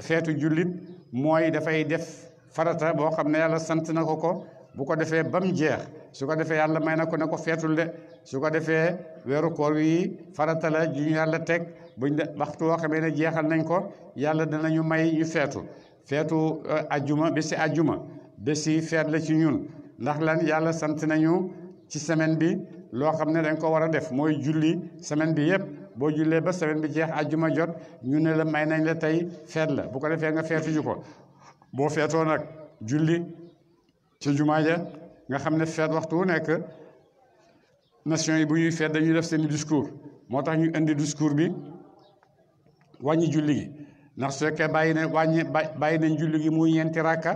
feetu jullit mooy dafay def farata boo xam ne yàlla sant na ko ko bu ko defee ba mu jeex su ko defee yàlla may na ko ne ko feetul de su ko defee weeru koor wi farata la ji ñu yàlla teg buñ de waxtu woo xamee ne jeexal nañ ko yàlla danañu may ñu feetu feetu euh, ajjuma bési ajjuma bési feet la ci ñun ndax lan yàlla sant nañu ci semaine bi loo xam ne dañ ko war a def mooy julli semaine bi yëpp boo jullee ba semaine bi jeex ajjuma jot ñu ne la may nañ la tey feet la bu ko defee nga feetu ju ko boo feetoo julli ca jumaa ja nga xam ne feet waxtu wu nekk nation yi bu ñuy feet dañuy def seen discours moo tax ñu indi discours bi wàññi julli gi ndax su bàyyi na wàññi bàyyi nañ julli gi muy ñeenti rakka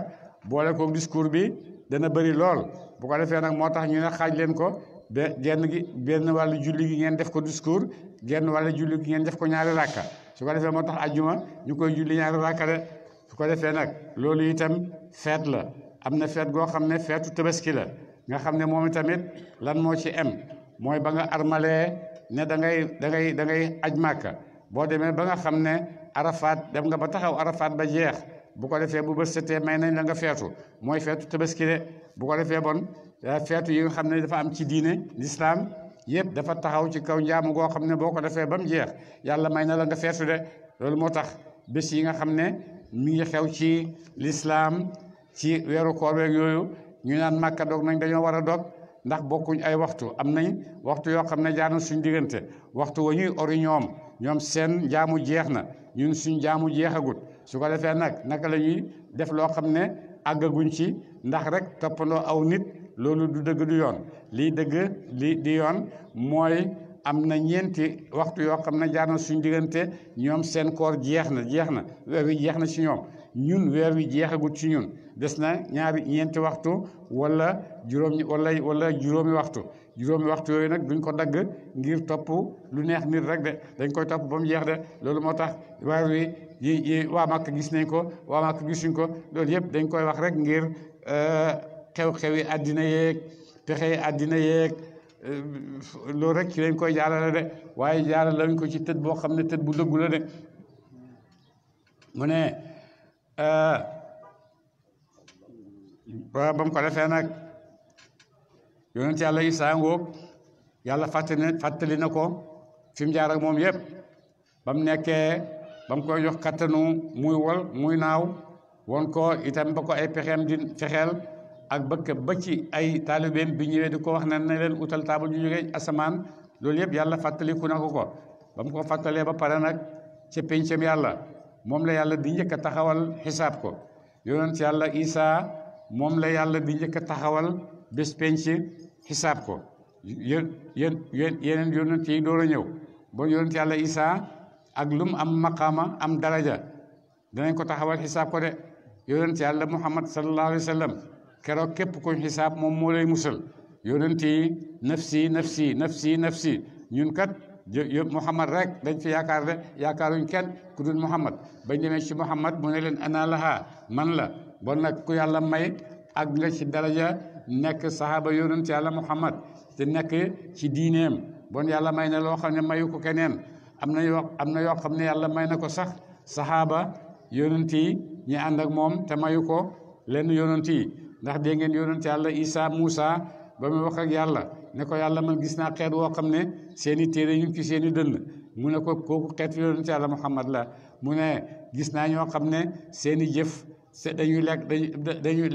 boole ko discours bi dana bëri lool bu ko defee nag moo tax ñu ne xaaj leen ko ba genn gi benn wàllu julli gi ngeen def ko discours genn wàllu julli gi ngeen def ko ñaari rakka su ko defee moo tax ajjuma ñu koy julli ñaari rakka de su ko defee nag loolu itam feet la am na feet goo xam ne feetu tabaski la nga xam ne moom itamit lan moo ci em mooy ba nga armalee ne da ngay da ngay da ngay aj màkka boo demee ba nga xam ne arafaat dem nga ba taxaw arafaat ba jeex bu ko defee bu bët setee may nañ la nga feetu mooy feetu tabaski de bu ko defee bon eh, feetu yi nga xam ne dafa am ci diine lislaam yëpp dafa taxaw ci kaw njaamu goo xam ne boo ko defee ba mu jeex yàlla may na la nga feetu de loolu moo tax bés yi nga xam ne mu ngi xew ci lislaam ci weeru koor beeg yooyu ñu naan màkka doog nañ dañoo war a doog ndax bokkuñ ay waxtu am nañ waxtu yoo xam ne jaar na suñ diggante waxtu wa ñuy ñoom seen njaamu jeex na ñun suñ jaamu jeexagut su ko nag naka la def loo xam ne àggaguñ ci ndax rek toppandoo aw nit loolu dëgg du yoon lii dëgg li di yoon mooy am na ñeenti waxtu yoo xam ne jaar suñ diggante ñoom seen koor jeex na jeex na jeex na ci ñoom ñun weer wi jeexagut ci ñun des na ñaari ñeenti waxtu walla juróom wala juróomi waxtu juróomi waxtu yooyu nag duñ ko dagg ngir topp lu neex nit rek de dañ koy topp ba mu jeex de loolu moo tax weer wi yi waa Màkka gis nañ ko waa Màkka gisuñ ko loolu yëpp dañ koy wax rek ngir euh, xew-xewi àddina yeeg pexey àddina yeeg euh, loolu rek ci lañ koy jaarale de waaye jaarale lañ ko ci tët boo xam ne tët bu dëggu la de mu ne Euh, ba mu ko defee nag yonent yàlla Isaa ngoog yàlla fàttali fàttali na ko fi mu jaar moom yëpp ba mu nekkee ba mu koy jox kattanu muy wol muy naaw won ko itam ba ko ay pexeem di fexeel ak bëkk ba ci ay taalibeem bi ñëwee di ko wax ne na leen utal taabal ñu jógee asamaan loolu yëpp yàlla fàttaliku na ko ko ba ko fàttalee ba pare nag ca péncam yàlla moom la yàlla di njëkk a taxawal xisaab ko yonent yàlla isa moom la yàlla di njëkk a taxawal bés penc ko yén yeneen yonent yi door a ñëw ba yonent yàlla isa ak lum am maqaama am daraja danañ ko taxawal xisaab ko de yonent yàlla muhammad sallallahu alayhi wa sallam keroog képp kuñ xisaab moom moo lay musal yonent yi nafsi nafsi nafsi nafsi ñun kat yëpp Muhammad rek dañ fi yaakaar de yaakaaruñ kenn ku dul Muhammad bañ demee ci Muhammad mu ne leen ana laha man la bon nag ku yàlla may ak nga ci daraja nekk saxaaba yonent yàlla Muhammad te nekk ci diineem bon yàlla may na loo xam ne mayu ko keneen am na yoo am na yoo xam ne yàlla may na ko sax saxaaba yonent yi ñi ànd ak moom te mayu ko lenn yonent yi ndax dégg ngeen yonent yàlla Isa Moussa ba mu wax ak yàlla ne ko yàlla ma gis naa xeet woo xam ne seeni i téere ñu ngi ci seen dënn mu ne ko kooku xeet fi yonent yàlla Muhammad la mu ne gis naa ñoo xam ne seen i jëf dañuy lekk dañuy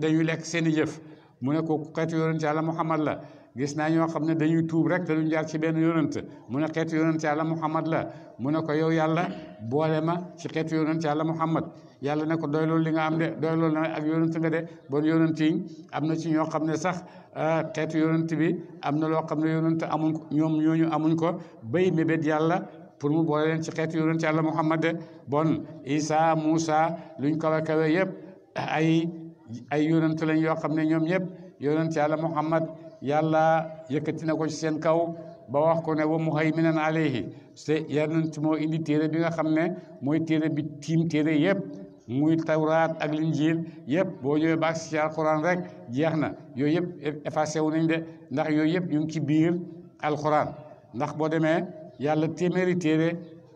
dañuy lekk seen i jëf mu ne kooku xeet yonent yàlla Muhammad la gis naa ñoo xam ne dañuy tuub rek te duñ jaar ci benn yonent mu ne xeetu yonent yàlla Muhammad la mu ne ko yow yàlla boole ma ci xeetu yonent yàlla Muhammad yàlla na ko doy loolu li nga am de doy loolu na ak yonent nga de bon yonent yi am na ci ñoo xam ne sax euh, xeetu yonent bi am na loo xam ne yonent amuñ ko ñoom ñooñu amuñ ko bay mébét yàlla pour mu boole leen ci xeetu yonent yàlla Muhammad de bon Isa Moussa luñ kawe kawe yëpp ay ay yonent lañ yoo xam ne ñoom ñëpp yonent yàlla Muhammad yàlla yëkkati na ko ci seen kaw ba wax ko ne mu wa muhaiminan alayhi te yonent moo indi téere bi nga xam ne mooy téere bi tiim téere yëpp muy tawraat ak linjiil yëpp boo ñëwee baax si alxuraan rek jeex na yooyu yëpp effacé wu nañ de ndax yooyu yëpp ñu ngi ci biir alxuraan ndax boo demee yàlla téeméeri téere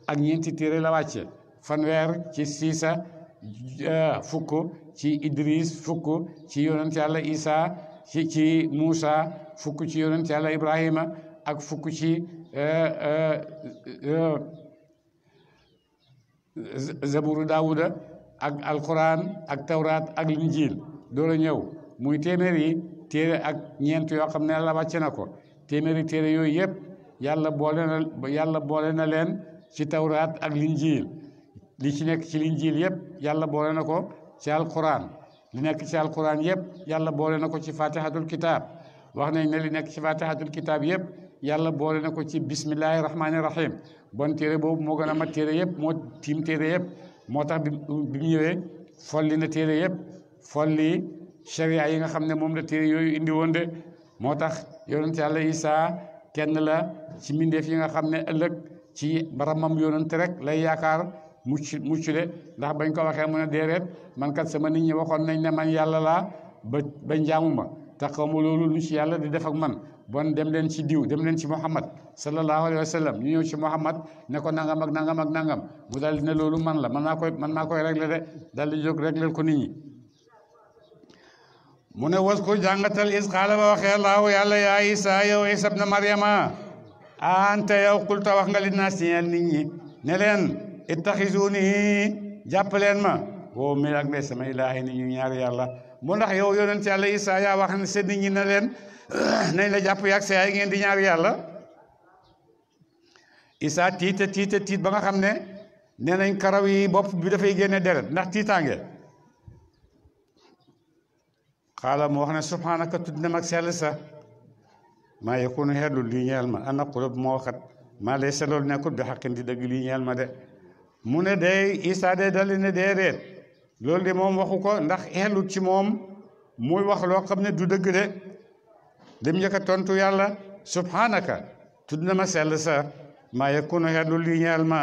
ak ñeenti téere la fanweer ci siisa euh, fukk ci idris fukk ci yonent yàlla isa ci ci muusa fukk ci yonent yàlla ibrahima ak fukk ci euh, euh, zaburu daawuda ak alquran ak tawraat ak linjiil doola ñëw muy téeméeri téere ak ñeent yoo xam na la wàcce na ko téeméeri téere yooyu yëpp yàlla boole na yàlla boole na leen ci tawraat ak linjiil li ci nekk ci linjiil yëpp yàlla boole na ko ci alquran li nekk ci alquran yëpp yàlla boole na ko ci fatihatul kitaab wax nañ ne li nekk ci fatihatul kitaab yëpp yàlla boole na ko ci bismillahi rahmaani rahim bon téere boobu moo gën a mat téere yëpp moo tiim téere yëpp moo tax bi bi mu ñëwee folli na téere yëpp folli sharia yi nga xam ne moom la téere yooyu indi woon de moo tax yonent yàlla Isaa kenn la ci mbindeef yi nga xam ne ëllëg ci mam yonent rek lay yaakaar mucc mucc de ndax bañ ko waxee mu ne déedéet man kat sama nit ñi waxoon nañ ne man yàlla laa ba ba njaamu ma tax xaw loolu lu ci yàlla di def ak man bon dem leen ci diw dem leen ci Muhammad sallallahu alayhi wa sallam ñu ñëw ci Muhammad ne nangam ak nangam ak nangam mu daal di ne loolu man la man maa koy man maa koy réglé de daal di jóg réglé ko nit ñi. mu ne was ko jàngatal is xaala ba waxee allahu yàlla yaa isa yow isa ibna Maryama ante yow kulta wax nga li naas ñeel nit ñi ne leen ittaxisuuni jàpp leen ma woo mi ak de sama ilaahi nit ñu ñaari yàlla mu ndax yow yonent yàlla isa yaa wax ne seen nit ñi nañ la jàpp yaag sa yaay ngeen di ñaar yàlla issaa tiita tiita tiit ba nga xam ne nee nañ karaw yi bopp bi dafay génne deret ndax tiitaange xaala mu wax ne subhanaka tudd na mag sell sa maa yekunu xeelul lii ñeel ma ana qulub moo waxat maa lay seloolu nekkul bi xaqin di dëgg lii ma de mu ne day Isa de dali ne dee reet loolu de moom waxu ko ndax xeelut ci moom muy wax loo xam ne du dëgg de lim njëkk a tontu yàlla subhanaka tudd na ma sell sa maa yakunu xellu lii ñeel ma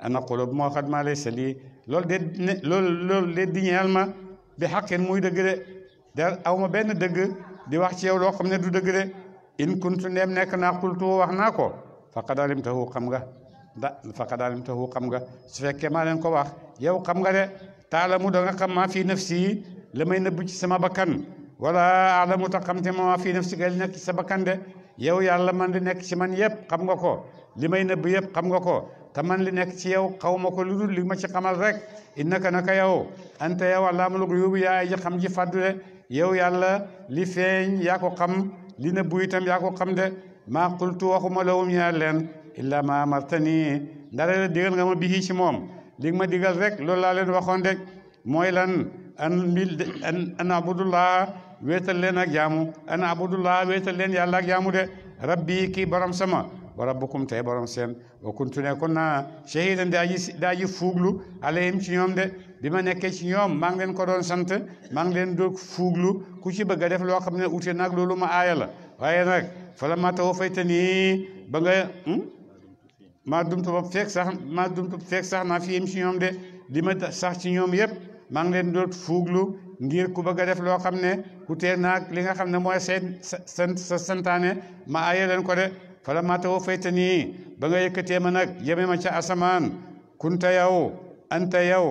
ana xulo bu moo xat maa lay sali loolu de loolu ma bi xaqin muy dëgg de da aw ma benn dëgg di wax ci yow loo xam ne du dëgg de in kuntu ndeem nekk naa xultu wax naa ko faqad alimtahu xam nga da faqad alimtahu xam nga su fekkee ma leen ko wax yow xam nga de taala mu xam maa fii nafsi yi la may nëbb ci sama bakkan wala alamu ta xam te ma fii nafsika li nekk ci sa bakkan de yow yàlla man li nekk ci man yëpp xam nga ko li may nëbb yëpp xam nga ko te man li nekk ci yow xaw ko lu dul li ma ci xamal rek innaka naka yow anta yow allaamul ghuyuub yaa aji xam ji fàddule yow yàlla li feeñ yako ko xam li nëbbu itam yaa ko xam de ma qultu waxuma lawum ñaar leen illaa ma amartani ndara la digal nga ma bihi ci moom li ma digal rek loolu laa leen waxoon de mooy lan an an wéetal leen ak jaamu ana abudullah wéetal leen yàlla ak jaamu de rabbi kii borom sama wa rabbukum tey borom seen wa kuntu nekkoon naa shahidan daa ji daa ji fuuglu alayhim ci ñoom de bi ma nekkee ci ñoom maa ngi leen ko doon sant maa ngi leen doon fuuglu ku ci bëgg a def loo xam ne ute nag loolu ma aaya la waaye nag fala ma taw fayta nii ba nga hmm? maa dumtu ba sax maa dumtu fekk naa fi yem ci ñoom de li ma sax ci ñoom yëpp maa ngi leen doon fuuglu ngir ku bëgg a def loo xam ne ku tee li nga xam ne mooy seen sa santaane ma aye leen ko de fala maa taw nii ba nga yëkkatee ma nag yeme ma ca asamaan kunta yow anta yow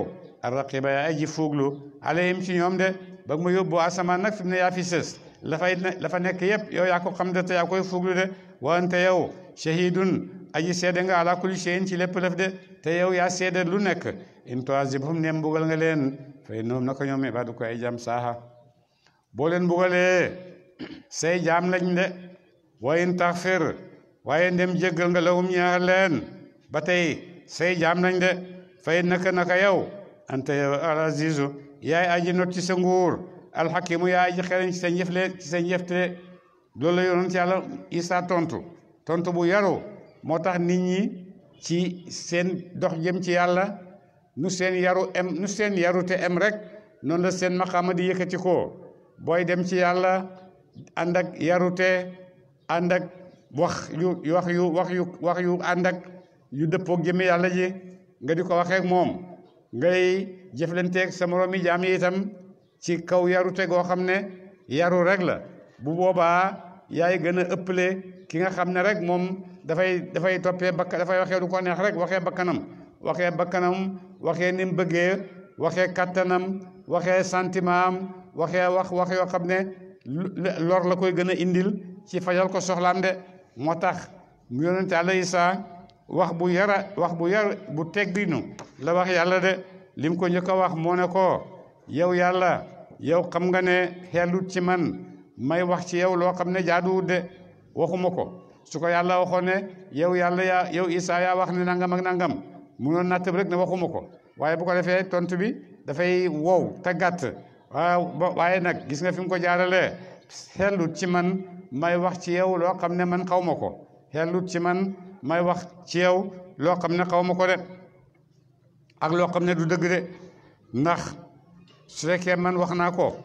arraqiba yaa aji fuuglu alayhim ci ñoom de ba ma yóbbu asamaan nag fi ne yaa fi sës la fay la fa nekk yëpp yow yaa xam de te yaa koy fuuglu de wa anta yow shahidun aji seede nga ala kulli ci lépp lëf de te yow yaa seede lu nekk in tuazibhum ne mbugal nga leen fa innahum naka ñoom ibaduka ay jaam saaha boo leen mbugalee say jaam lañ de wa in taxfir waaye ndem jéggal nga lawum ñaar leen ba tey say jaam lañ de fa innaka naka yow anta yaay aji not ci sa nguur alxakimu yaay aji xereñ ci sa njëfle ci sa njëfte loolu la yonent yàlla Isaa tontu tontu bu yaru moo tax nit ci seen dox jëm ci yàlla nu seen yaru em nu seen yarute em rek noonu la seen maqaama di yëkkati ko booy dem ci yàlla ànd ak yarute ànd ak wax yu wax yu wax yu ànd ak yu dëppoo jëme yàlla ji nga di ko waxeek moom ngay jëflanteeg sa moroomi jaam yi itam ci kaw yarute goo xam ne yaru rek la bu boobaa yaay gën a ëpple ki nga xam ne rek moom dafay dafay toppee bakk dafay waxee lu ko rek waxee bakkanam waxee bakkanam waxee ni mu waxe waxee kattanam waxee sentiment am waxee wax wax yoo xam ne loor la koy gën a indil ci fajal ko soxlaam de moo tax mu yonente àlla isa wax bu yara wax bu yar bu tegginu la wax yàlla de lim ko njëkk a wax moo ne ko yow yàlla yow xam nga ne xeelut ci man may wax ci yow loo xam ne jaaduwut de waxuma ko su ko yàlla waxoon ne yow yàlla yaa yow isa yaa wax ne nangam ak nangam mënoon naa tëb rek ne waxuma ko waaye bu ko defee tontu bi dafay wow te gàtt waaw waaye nag gis nga fi mu ko jaaralee xellut ci man may wax ci yow loo xam ne man xaw ma ko xellut ci man may wax ci yow loo xam ne xaw ma ko de ak loo xam ne du dëgg de ndax su fekkee man wax naa ko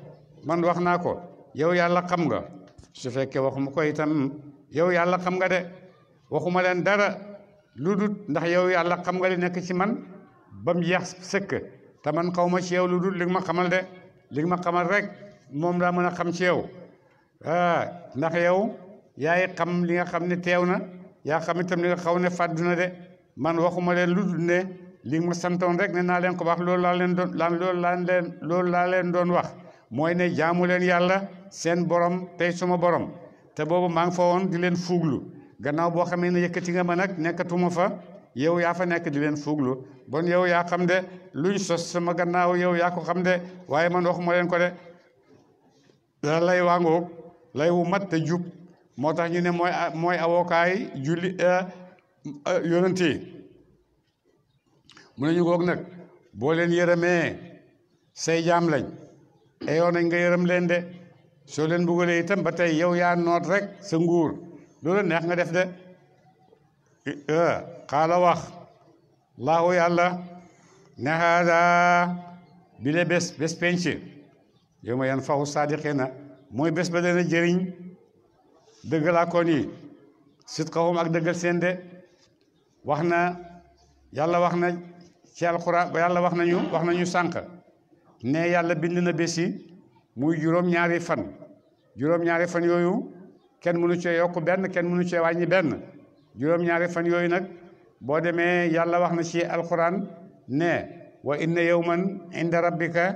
man wax naa ko yow yàlla xam nga su fekkee waxuma ko itam yow yàlla xam nga de waxuma leen dara. lu dut ndax yow yàlla xam nga li nekk ci man ba mu jeex sëkk te man xaw ma ci yow lu dut li nga ma xamal de li nga ma rek moom laa mën a xam ci yow ah, ndax yow yaay xam li nga xam ne teew na yaa xam tam li nga ne fàddu na de man waxuma leen lu dut ne li ma santoon rek ne naa leen ko wax loolu laa leen doon lan loolu laa leen loolu laa leen doon wax mooy ne jaamu leen yàlla seen borom tey suma borom te boobu maa ngi fa woon di leen fuuglu gannaaw boo xamee ne yëkkati nga ma nag nekkatuma fa yow yaa fa nekk di leen fuuglu bon yow yaa xam de luñ sos sama gannaaw yow yaa ko xam de waaye ma man waxuma leen ko de la lay waangoog lay wu mat te jub moo tax ñu ne mooy mooy awokaay julli euh, euh, yonent yi mu ne ñu goog nag boo leen yërëmee say jaam lañ eyoo nañ nga yërëm leen de soo leen bëggalee itam ba tey yow yaa noot rek sa nguur lu la neex nga def de xaala wax laahu yàlla ne haada bi le bés bés penc yow ma yan faxu saadiqina mooy bés ba dana jëriñ dëgg laa ko nii ak dëggal seen de wax na yàlla wax na ci alxuraan yàlla wax nañu wax nañu sànq ne yàlla bind na bés yi muy juróom-ñaari fan juróom-ñaari fan yooyu kenn mënu cee yokk benn kenn mënu cee wàññi benn juróom-ñaari fan yooyu nag boo demee yàlla wax na ci alxuraan ne wa inna yawman inda rabbika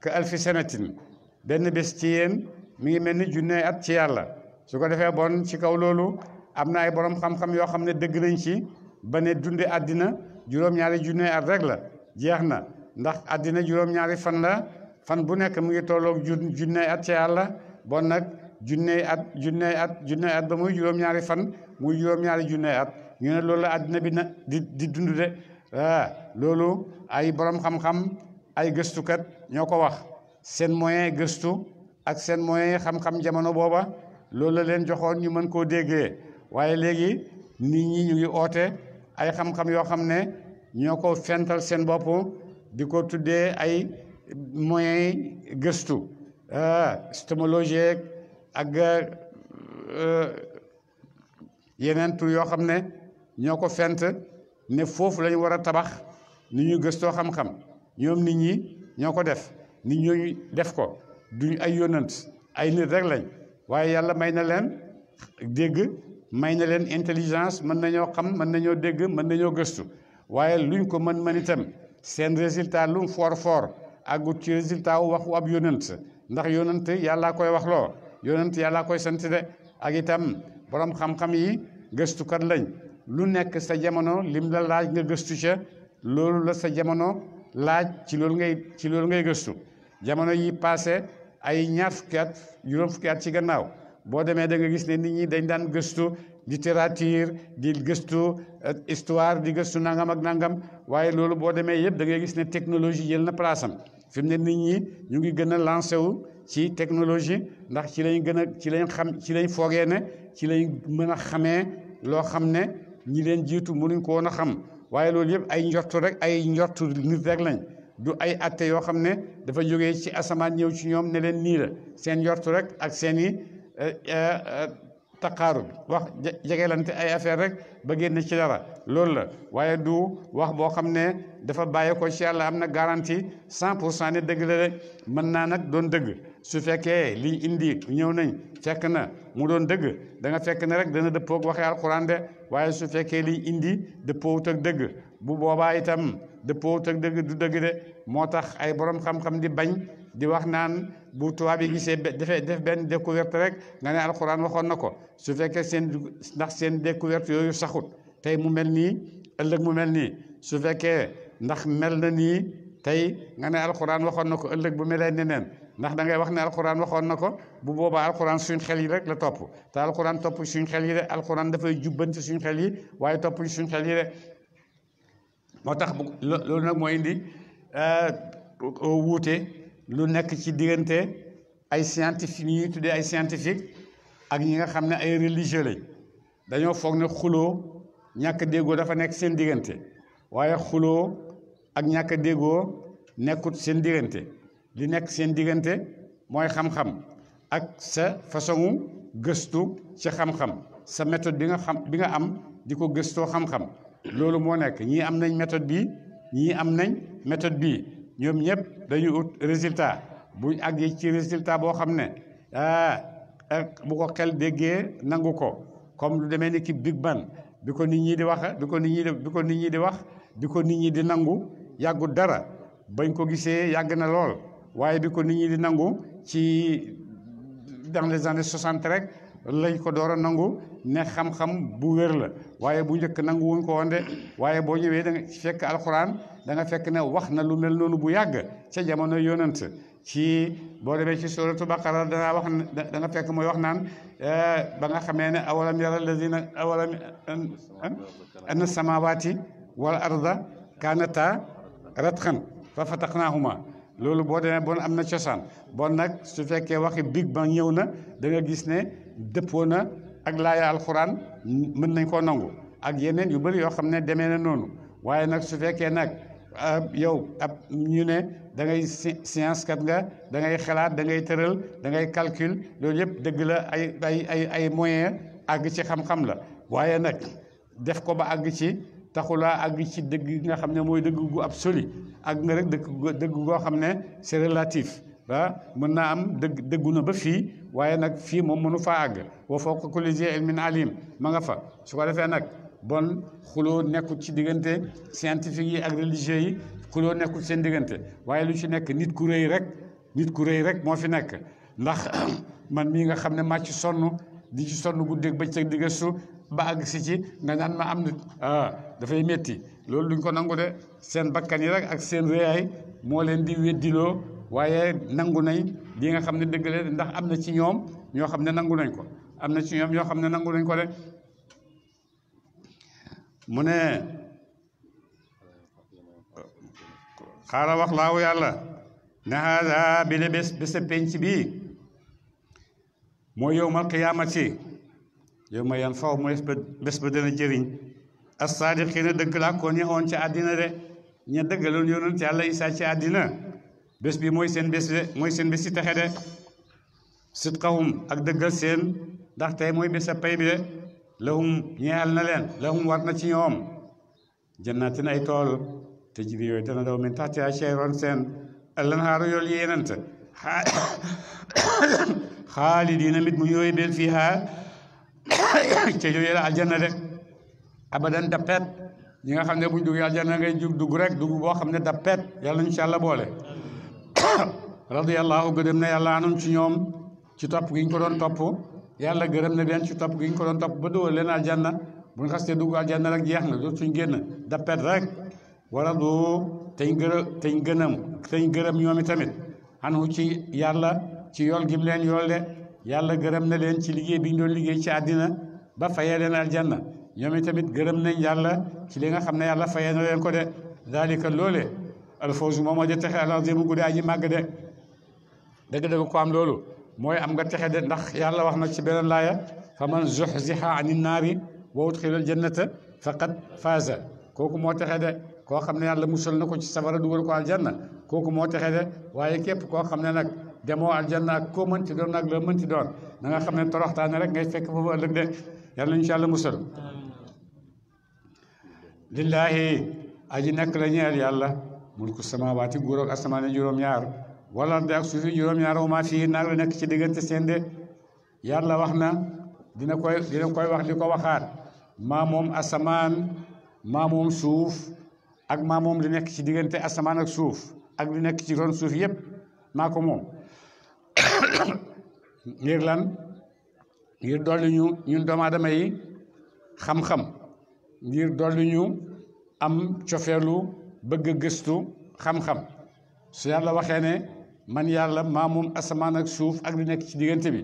ka alfi sanatin benn bés ci yéen mi ngi mel ni junne at ci yàlla su ko defee bon ci kaw loolu am na ay borom xam-xam yoo xam ne dëgg nañ ci ba ne dunde àddina juróom-ñaari junne at rek la jeex na ndax àddina juróom-ñaari fan la fan bu nekk mu ngi tolloog junne at ci yàlla bon nag junney at junney at junney at ba muy juróom-ñaari fan muy juróom-ñaari junney at ñu ne loolu àddina bi na di di dund de ah, loolu ay borom xam-xam ay gëstukat ñoo ko wax seen moyen gëstu ak seen moyen xam-xam jamono booba loolu la leen joxoon ñu mën koo déggee waaye léegi nit ñi ñu ngi oote ay xam-xam yoo xam ne ñoo ko fental seen bopp di ko tuddee ay moyens gëstu ah, stomologie ak euh, yeneen tur yoo xam ne ñoo ko fent ne foofu lañu war a tabax ni ñuy gëstoo xam-xam ñoom ni ñi ñoo ko def nit ñooñu def ko duñ ay yonant ay nit rek lañ waaye yàlla may na leen dégg may na leen intelligence mën nañoo xam mën nañoo dégg mën nañoo gëstu waaye luñ ko mën mën itam seen résultat lu foor foor àggut ci résultat wu waxu ab yonant ndax yonant yàllaa koy wax loo yonent yàlla koy sant de ak itam borom xam-xam yi gëstukat lañ lu nekk sa jamono lim la laaj nga gëstu ca loolu la sa jamono laaj ci loolu ngay ci loolu gëstu jamono yi passé ay ñaar fukki at juróom fukki at ci gannaaw boo demee da nga gis ne nit ñi dañ daan gëstu littérature di gëstu euh, histoire di gëstu nangam ak nangam waaye loolu boo demee yëpp da ngay gis ne technologie jël na place am ne nit ñi ñu ngi gën a lancé wu. ci technologie ndax ci lañ gën a ci lañ xam ci lañ foogee ne ci lañ mën a xamee loo xam ne ñi leen jiitu mu ko woon a xam waaye loolu yëpp ay njortu rek ay njortu nit rek lañ du ay atte yoo xam ne dafa jóge ci asamaan ñëw ci ñoom ne leen nii la seen njortu rek ak seen i eh, eh, taqaarub wax jegelante ay affaire rek ba génn ci dara loolu la waaye du wax boo xam ne dafa bàyyi ko ci allah am na garantie cent pour cent ne dëgg la de mën naa nag doon dëgg su fekkee liñ indi ñëw nañ fekk na mu doon dëgg danga nga fekk ne rek dana dëppoog waxee alquran de waaye su fekkee liñ indi dëppoowut ak dëgg bu boobaa itam dëppoowut ak dëgg du dëgg de moo tax ay borom xam-xam di bañ di wax naan bu tubaab yi gisee defee def benn découverte rek nga ne alquran waxoon na ko su fekkee seen ndax seen découverte yooyu saxut tey mu mel nii ëllëg mu mel nii su fekkee ndax mel na nii tey nga ne alquran waxoon na ko ëllëg bu melee neneen ndax da ngay wax ne alxuraan waxoon na ko bu boobaa alxuraan suñ xel yi rek la topp te alxuraan topp suñ xel yi de alxuraan dafay jubbanti suñ xel yi waaye topp suñ xel yi de moo tax bu loolu nag moo indi euh, wuute lu nekk ci diggante ay scientifique ñi ñuy tuddee ay scientifique ak ñi nga xam ne ay religieux lañ dañoo foog ne xuloo ñàkk déggoo dafa nekk seen diggante waaye xuloo ak ñàkk déggoo nekkut seen diggante di nekk seen diggante mooy xam-xam ak sa façonu gëstu ci xam-xam sa méthode bi nga xam bi nga am di ko gëstoo xam-xam loolu moo nekk ñii am nañ méthode bii ñii am nañ méthode bii ñoom ñëpp dañu ut résultat buñ àggee ci résultat boo xam ne ah, bu ko xel déggee nangu ko comme lu demee ni ki Big Bang bi ko nit ñi di wax bi ko nit ñi di ko nit ñi di wax bi ko nit ñi di nangu yàggu dara bañ ko gisee yàgg na lool waaye bi ko nit ñi di nangu ci dans les années 60 rek lañ ko door a nangu ne xam-xam bu wér la waaye bu njëkk nangu ko woon waaye boo ñëwee da nga fekk alxuraan da fekk ne wax na lu mel noonu bu yàgg ca jamono yonent ci boo demee ci suratu baqara danaa wax da fekk mooy wax naan eh, ba nga xamee ne awalam yara lazina awalam anna samawati wal arda kanata ratxan fa fataxnaahuma loolu boo demee bon am na cosaan bon nag su fekkee waxi big ba ñëw na danga gis ne dëppoo na ak laaya alxuraan mën nañ koo nangu ak yeneen yu bari yoo xam ne demee na noonu waaye nag su fekkee nag ah, yow ab ñu ne da ngay science kat nga da ngay xalaat da tëral da ngay calcul loolu yëpp dëgg la ay ay ay moyen àgg ci xam-xam la waaye nag def ko ba àgg ci taxulaa àgg ci dëgg nga xam ne mooy dëgg gu absolu àgg nga rek dëgg dëgg goo xam ne c'est relatif ah mën naa am dëgg dëggu na ba fii waaye nag fii moom mënu faa àgg wa fawqa kulli zi ilmin alim ma nga fa su ko defee nag bon xuloo nekkul ci diggante scientifique yi ak religieux yi xuloo nekkul seen diggante waaye lu ci nekk nit ku rëy rek nit ku rëy rek moo fi nekk ndax man mii nga xam ne maa ci sonn di ci sonn guddeeg bëccëg di gëstu ba àgg si ci nga naan am ah, dafay métti loolu duñ ko nangu de seen bakkan yi rek ak seen réyaay moo leen di weddiloo waaye nangu nañ li nga xam ne dëgg la ndax am na ci ñoom ñoo xam ne nangu nañ ko am na ci ñoom ñoo xam ne nangu nañ ko de mu ne xaala wax laawu yàlla ne hada bi le bés bésa penc bii mooy yowmal qiyaamati yow ma yan faw mu bés ba dana jëriñ as-saadiqiina dëgg laa ko ñe ci àddina de ña dëggaloon yonent yàlla Isaa ci àddina bés bi mooy seen bés de mooy seen bés ci texe de sidqahum ak dëgg seen ndax tey mooy bés a pay bi de lahum ñeexal na leen lahum war na ci ñoom jannaatin ay tool te jibi yooyu dana daw min a shayron seen al-anhaaru yool yéenant xaalidiina mit mu yooy bel fiihaa ca yooyu la de abadan dappet ñi nga xam ne buñ dugg yàlla ngay jug dugg rek dugg boo xam ne dappet yàlla nañ ci yàlla boole radiyallahu gërëm na yàlla anum ci ñoom ci topp gi ñu ko doon topp yàlla gërëm na leen ci topp gi ñu topp ba dugal leen aljanna bu ñu xasee dugg aljanna rek jeex na doo ci génn dappet rek wala du teñ gërëm teñ gënam teñ gërëm ñoom tamit anu ci yàlla ci yool gim leen yoole yàlla gërëm na leen ci liggéey bi ñu doon liggéey ci àddina ba fayee leen aljanna ñoom tamit gërëm nañ yàlla ci li nga xam ne yàlla fayee na leen ko de daalika loole alfawzu moom moo di texe alazimu guddi aji màgg de dëgg-dëgg ko am loolu mooy am nga texe de ndax yàlla wax nag ci beneen laaya fa man zuxziha ani naari wa udxilal jannata faqad faaza kooku moo texe de koo xam ne yàlla musal na ko ci sabara dugal ko aljanna kooku moo texe de waaye képp koo xam ne nag demoo aljanna ak koo mënti doon ak la mënti doon na nga xam ne toroxtaane rek ngay fekk foofu ëllëg de yàlla ñu ci yàlla musal lillaahi aji nekk la ñeel yàlla mulku samaawaati guur ak juróom-ñaar wala de ak suufi juróom-ñaar wama fii naag la nekk ci diggante seen de yàlla wax na dina koy koy wax di ko waxaat maa moom asamaan maa moom suuf ak maa moom li nekk ci diggante asamaan ak suuf ak li nekk ci ron suuf yëpp maa ko moom ngir lan ngir dolli ñu ñun doomu aadama xam-xam ngir dolli ñu am cofeelu bëgg gëstu xam-xam su yàlla waxee ne man yàlla maa moom asamaan ak suuf ak li nekk ci diggante bi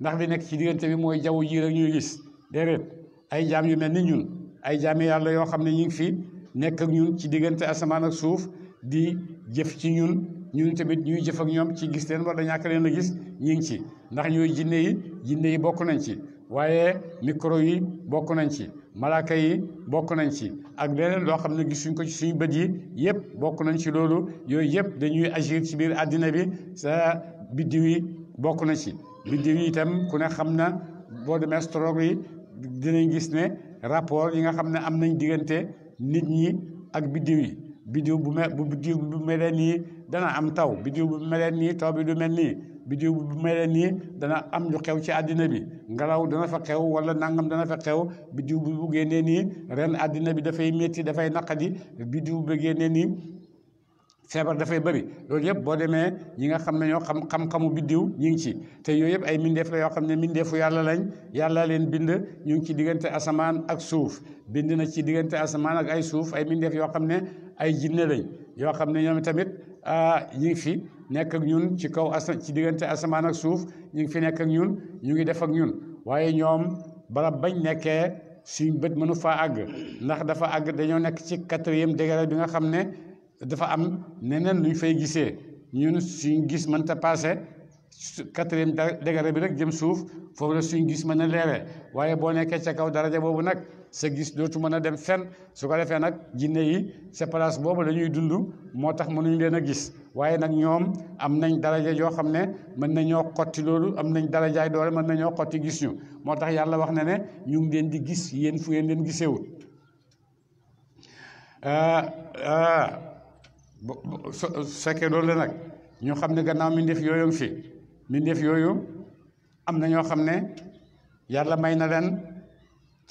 ndax li nekk ci diggante bi mooy jaww ji rek ñuy gis déedéet ay jaam yu mel ni ñun ay jaami yàlla yoo xam ne ñu ngi fi nekk ak ñun ci diggante asamaan ak suuf di jëf ci ñun ñun tamit ñuy jëf ak ñoom ci gis leen wala ñàkk leen a gis ñu ngi ci ndax ñooy jinne yi jinne yi bokk nañ ci waaye micro yi bokk nañ ci malaaka yi bokk nañ ci ak leneen loo xam ne gisuñ ko ci suñu bët yi yëpp bokk nañ ci loolu yooyu yëpp dañuy agir ci biir àddina bi sa biddiw yi bokk na ci biddiw yi itam ku ne xam na boo demee astrologue yi dinañ gis ne rapport yi nga xam ne am nañ diggante nit ñi ak biddiw yi biddiw bu me bu biddiw bu mel nii dana am taw biddiw bu mel nii taw bi du mel nii biddiw bu mel nii dana am lu xew ci àddina bi ngelaw dana fa xew wala nangam dana fa xew biddiw bu bu génnee nii ren àddina bi dafay métti dafay naqadi biddiw bu génnee nii feebar dafay bëri loolu yëpp boo demee ñi nga xam ne ñoo xam xam-xamu biddiw ñu ngi ci te yooyu yëpp ay mindeef yoo xam ne mindeefu yàlla lañ yàlla leen bind ñu ngi ci diggante asamaan ak suuf bind na ci diggante asamaan ak ay suuf ay mindeef yoo xam ne ay jinne lañ yoo xam ne ñoom tamit ah, ñu fi nekk ak ñun ci kaw asa ci diggante asamaan ak suuf ñu ngi fi nekk ak ñun ñu ngi def ak ñun waaye ñoom barab bañ nekkee suñ bët mënu faa àgg ndax dafa àgg dañoo nekk ci quatrième degré bi nga xam ne dafa am neneen luñ fay gisee ñun suñ gis mënta passé quatrième degré bi rek jëm suuf foofu la suñ gis mën a leere waaye boo nekkee ca kaw daraja boobu nag sa gis dootu mën a dem fenn su ko defee nag jinne yi séparage boobu la dund moo tax mënuñu leen a gis waaye nag ñoom am nañ daraja yoo xam ne mën nañoo xotti loolu am nañ darajaay doole mën nañoo xotti gis ñu moo tax yàlla wax na ne ñu ngi di gis yéen fu yéen leen gisewul euh, euh, su fekkee loolu nag ñu xam ne gannaaw mbindeef yooyu fi mbindeef yooyu am na ñoo xam ne yàlla may na leen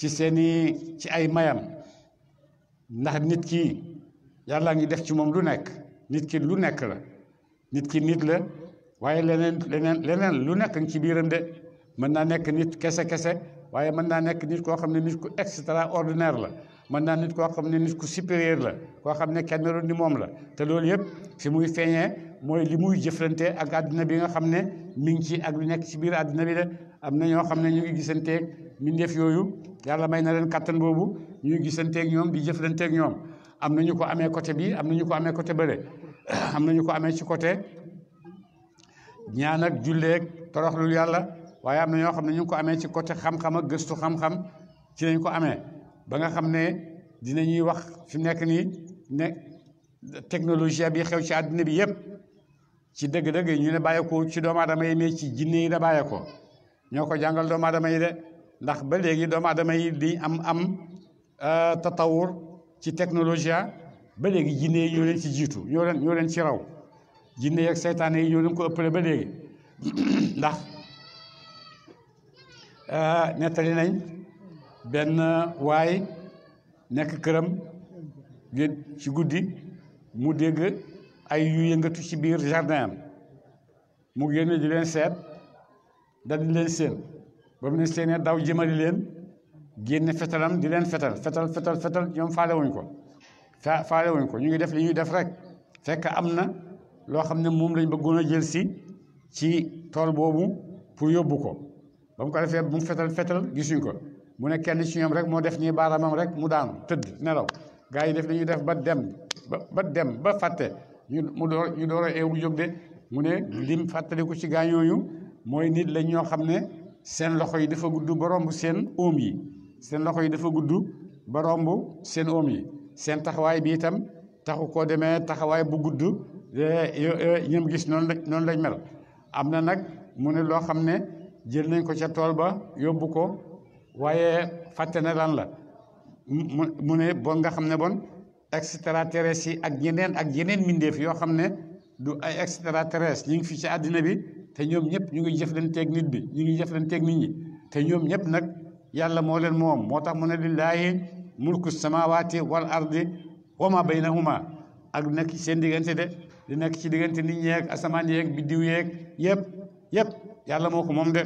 ci seeni ci ay mayam ndax nit ki yàlla ngi def ci moom lu nekk nit ki lu nekk la nit ki nit la waaye leneen leneen leneen lu nekk ci biiram de mën naa nekk nit kese kese waaye mën naa nekk nit koo xam ne nit ku ordinaire la mën naa nit koo xam ne nit ku supérieur la koo xam ne kenn ni moom la te loolu yëpp fi muy feeñee mooy li muy jëflante ak àddina bi nga xam ne mi ngi ci ak lu nekk ci biir àddina bi de am na ñoo xam ne ñu ngi gisanteeg mbindeef yooyu yàlla may na leen kattan boobu ñuy gisanteeg ñoom di jëflanteeg ñoom am na ñu ko amee côté bi am na ñu ko amee côté bële am na ñu ko amee ci côté ñaan ak julleeg toroxlul yàlla waaye am na ñoo xam ne ñu ko amee ci côté xam-xam ak gëstu xam-xam ci nañ ko amee ba nga xam ne dina ñuy wax fi mu nekk nii ne technologie bii xew ci àddina bi yëpp ci dëgg-dëgg ñuy ne bàyyi ko ci doomu aadama yi mais ci jinne yi da bàyyi ko ñoo ko jàngal doomu aadama de. ndax ba léegi doomu aadama yi di am am euh, tatawur ci technologia ba léegi jinne yi ñoo leen ci jiitu ñoo leen ñoo leen ci raw jinne yeeg seytaane yi ñoo leen ko ëppale ba léegi ndax euh, nettali nañ benn waay nekk këram ci guddi mu dégg ay yu yëngatu ci biir jardin am mu génn di leen seet dal di leen seen ba mu ne seenee daw jëmali leen génne fetalam di leen fetal fetal fetal fetal ñoom faale wuñ ko fa faale wuñ ko ñu ngi def li ñuy def rek fekk am na loo xam ne moom lañ bëggoon a jël si ci tool boobu pour yóbbu ko ba mu ko defee mu fetal fetal gisuñ ko mu ne kenn ci ñoom rek moo def nii baaraamam rek mu daan tëdd nelaw gaa yi def lañuy def ba dem ba dem ba fàtte ñu mu door ñu door a eewu jóg de mu ne lim fàttaliku ci gaa ñooñu mooy nit lañ ñoo xam ne seen loxo yi dafa gudd ba romb seen oom yi seen loxo yi dafa gudd ba romb seen oom yi seen taxawaay bi itam taxu koo demee taxawaay bu gudd e, e, ñoom gis noonu la noonu lañ mel am na nag mu ne loo xam ne jël nañ ko ca tool ba yóbbu ko waaye fàtte na lan la mu ne bon nga xam ne bon extraterrestre yi ak yeneen ak yeneen mbindeef yoo xam ne du ay extraterrestre ñu ngi fii ci àddina bi te ñoom ñëpp ñu ngi jëflanteeg nit bi ñu ngi jëflanteeg nit ñi te ñoom ñëpp nag yàlla moo leen moom moo tax mu ne lillaahi mulku samawaati wal ardi wa ma baynahuma ak nekk seen diggante de di nekk ci diggante nit ñeeg asamaan yeeg biddiw yeeg yëpp yëpp yàlla moo ko moom de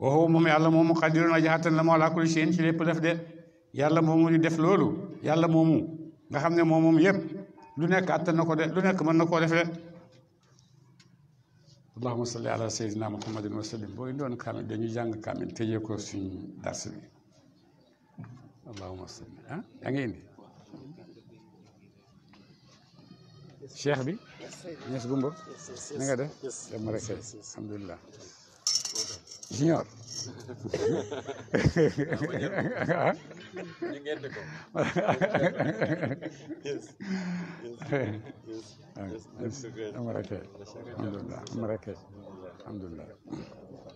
waxu moom yàlla moomu xadiroon aji xattan la moo laa kulli shay'in ci lépp def de yàlla moomu di def loolu yàlla moomu nga xam ne moom moom yëpp lu nekk attan na ko de lu nekk mën na koo def de allahuma salli ala sayyidina muhammadin wa sallim boo indoon kaamil dañuy jàng kaamil tëjee ko suñ dars bi allahuma ah, indi cheikh bi ñes gumba na nga def dama rek alhamdulilah ñu ngeen di ko. yes yes yes. alhamdulilah alhamdulilah.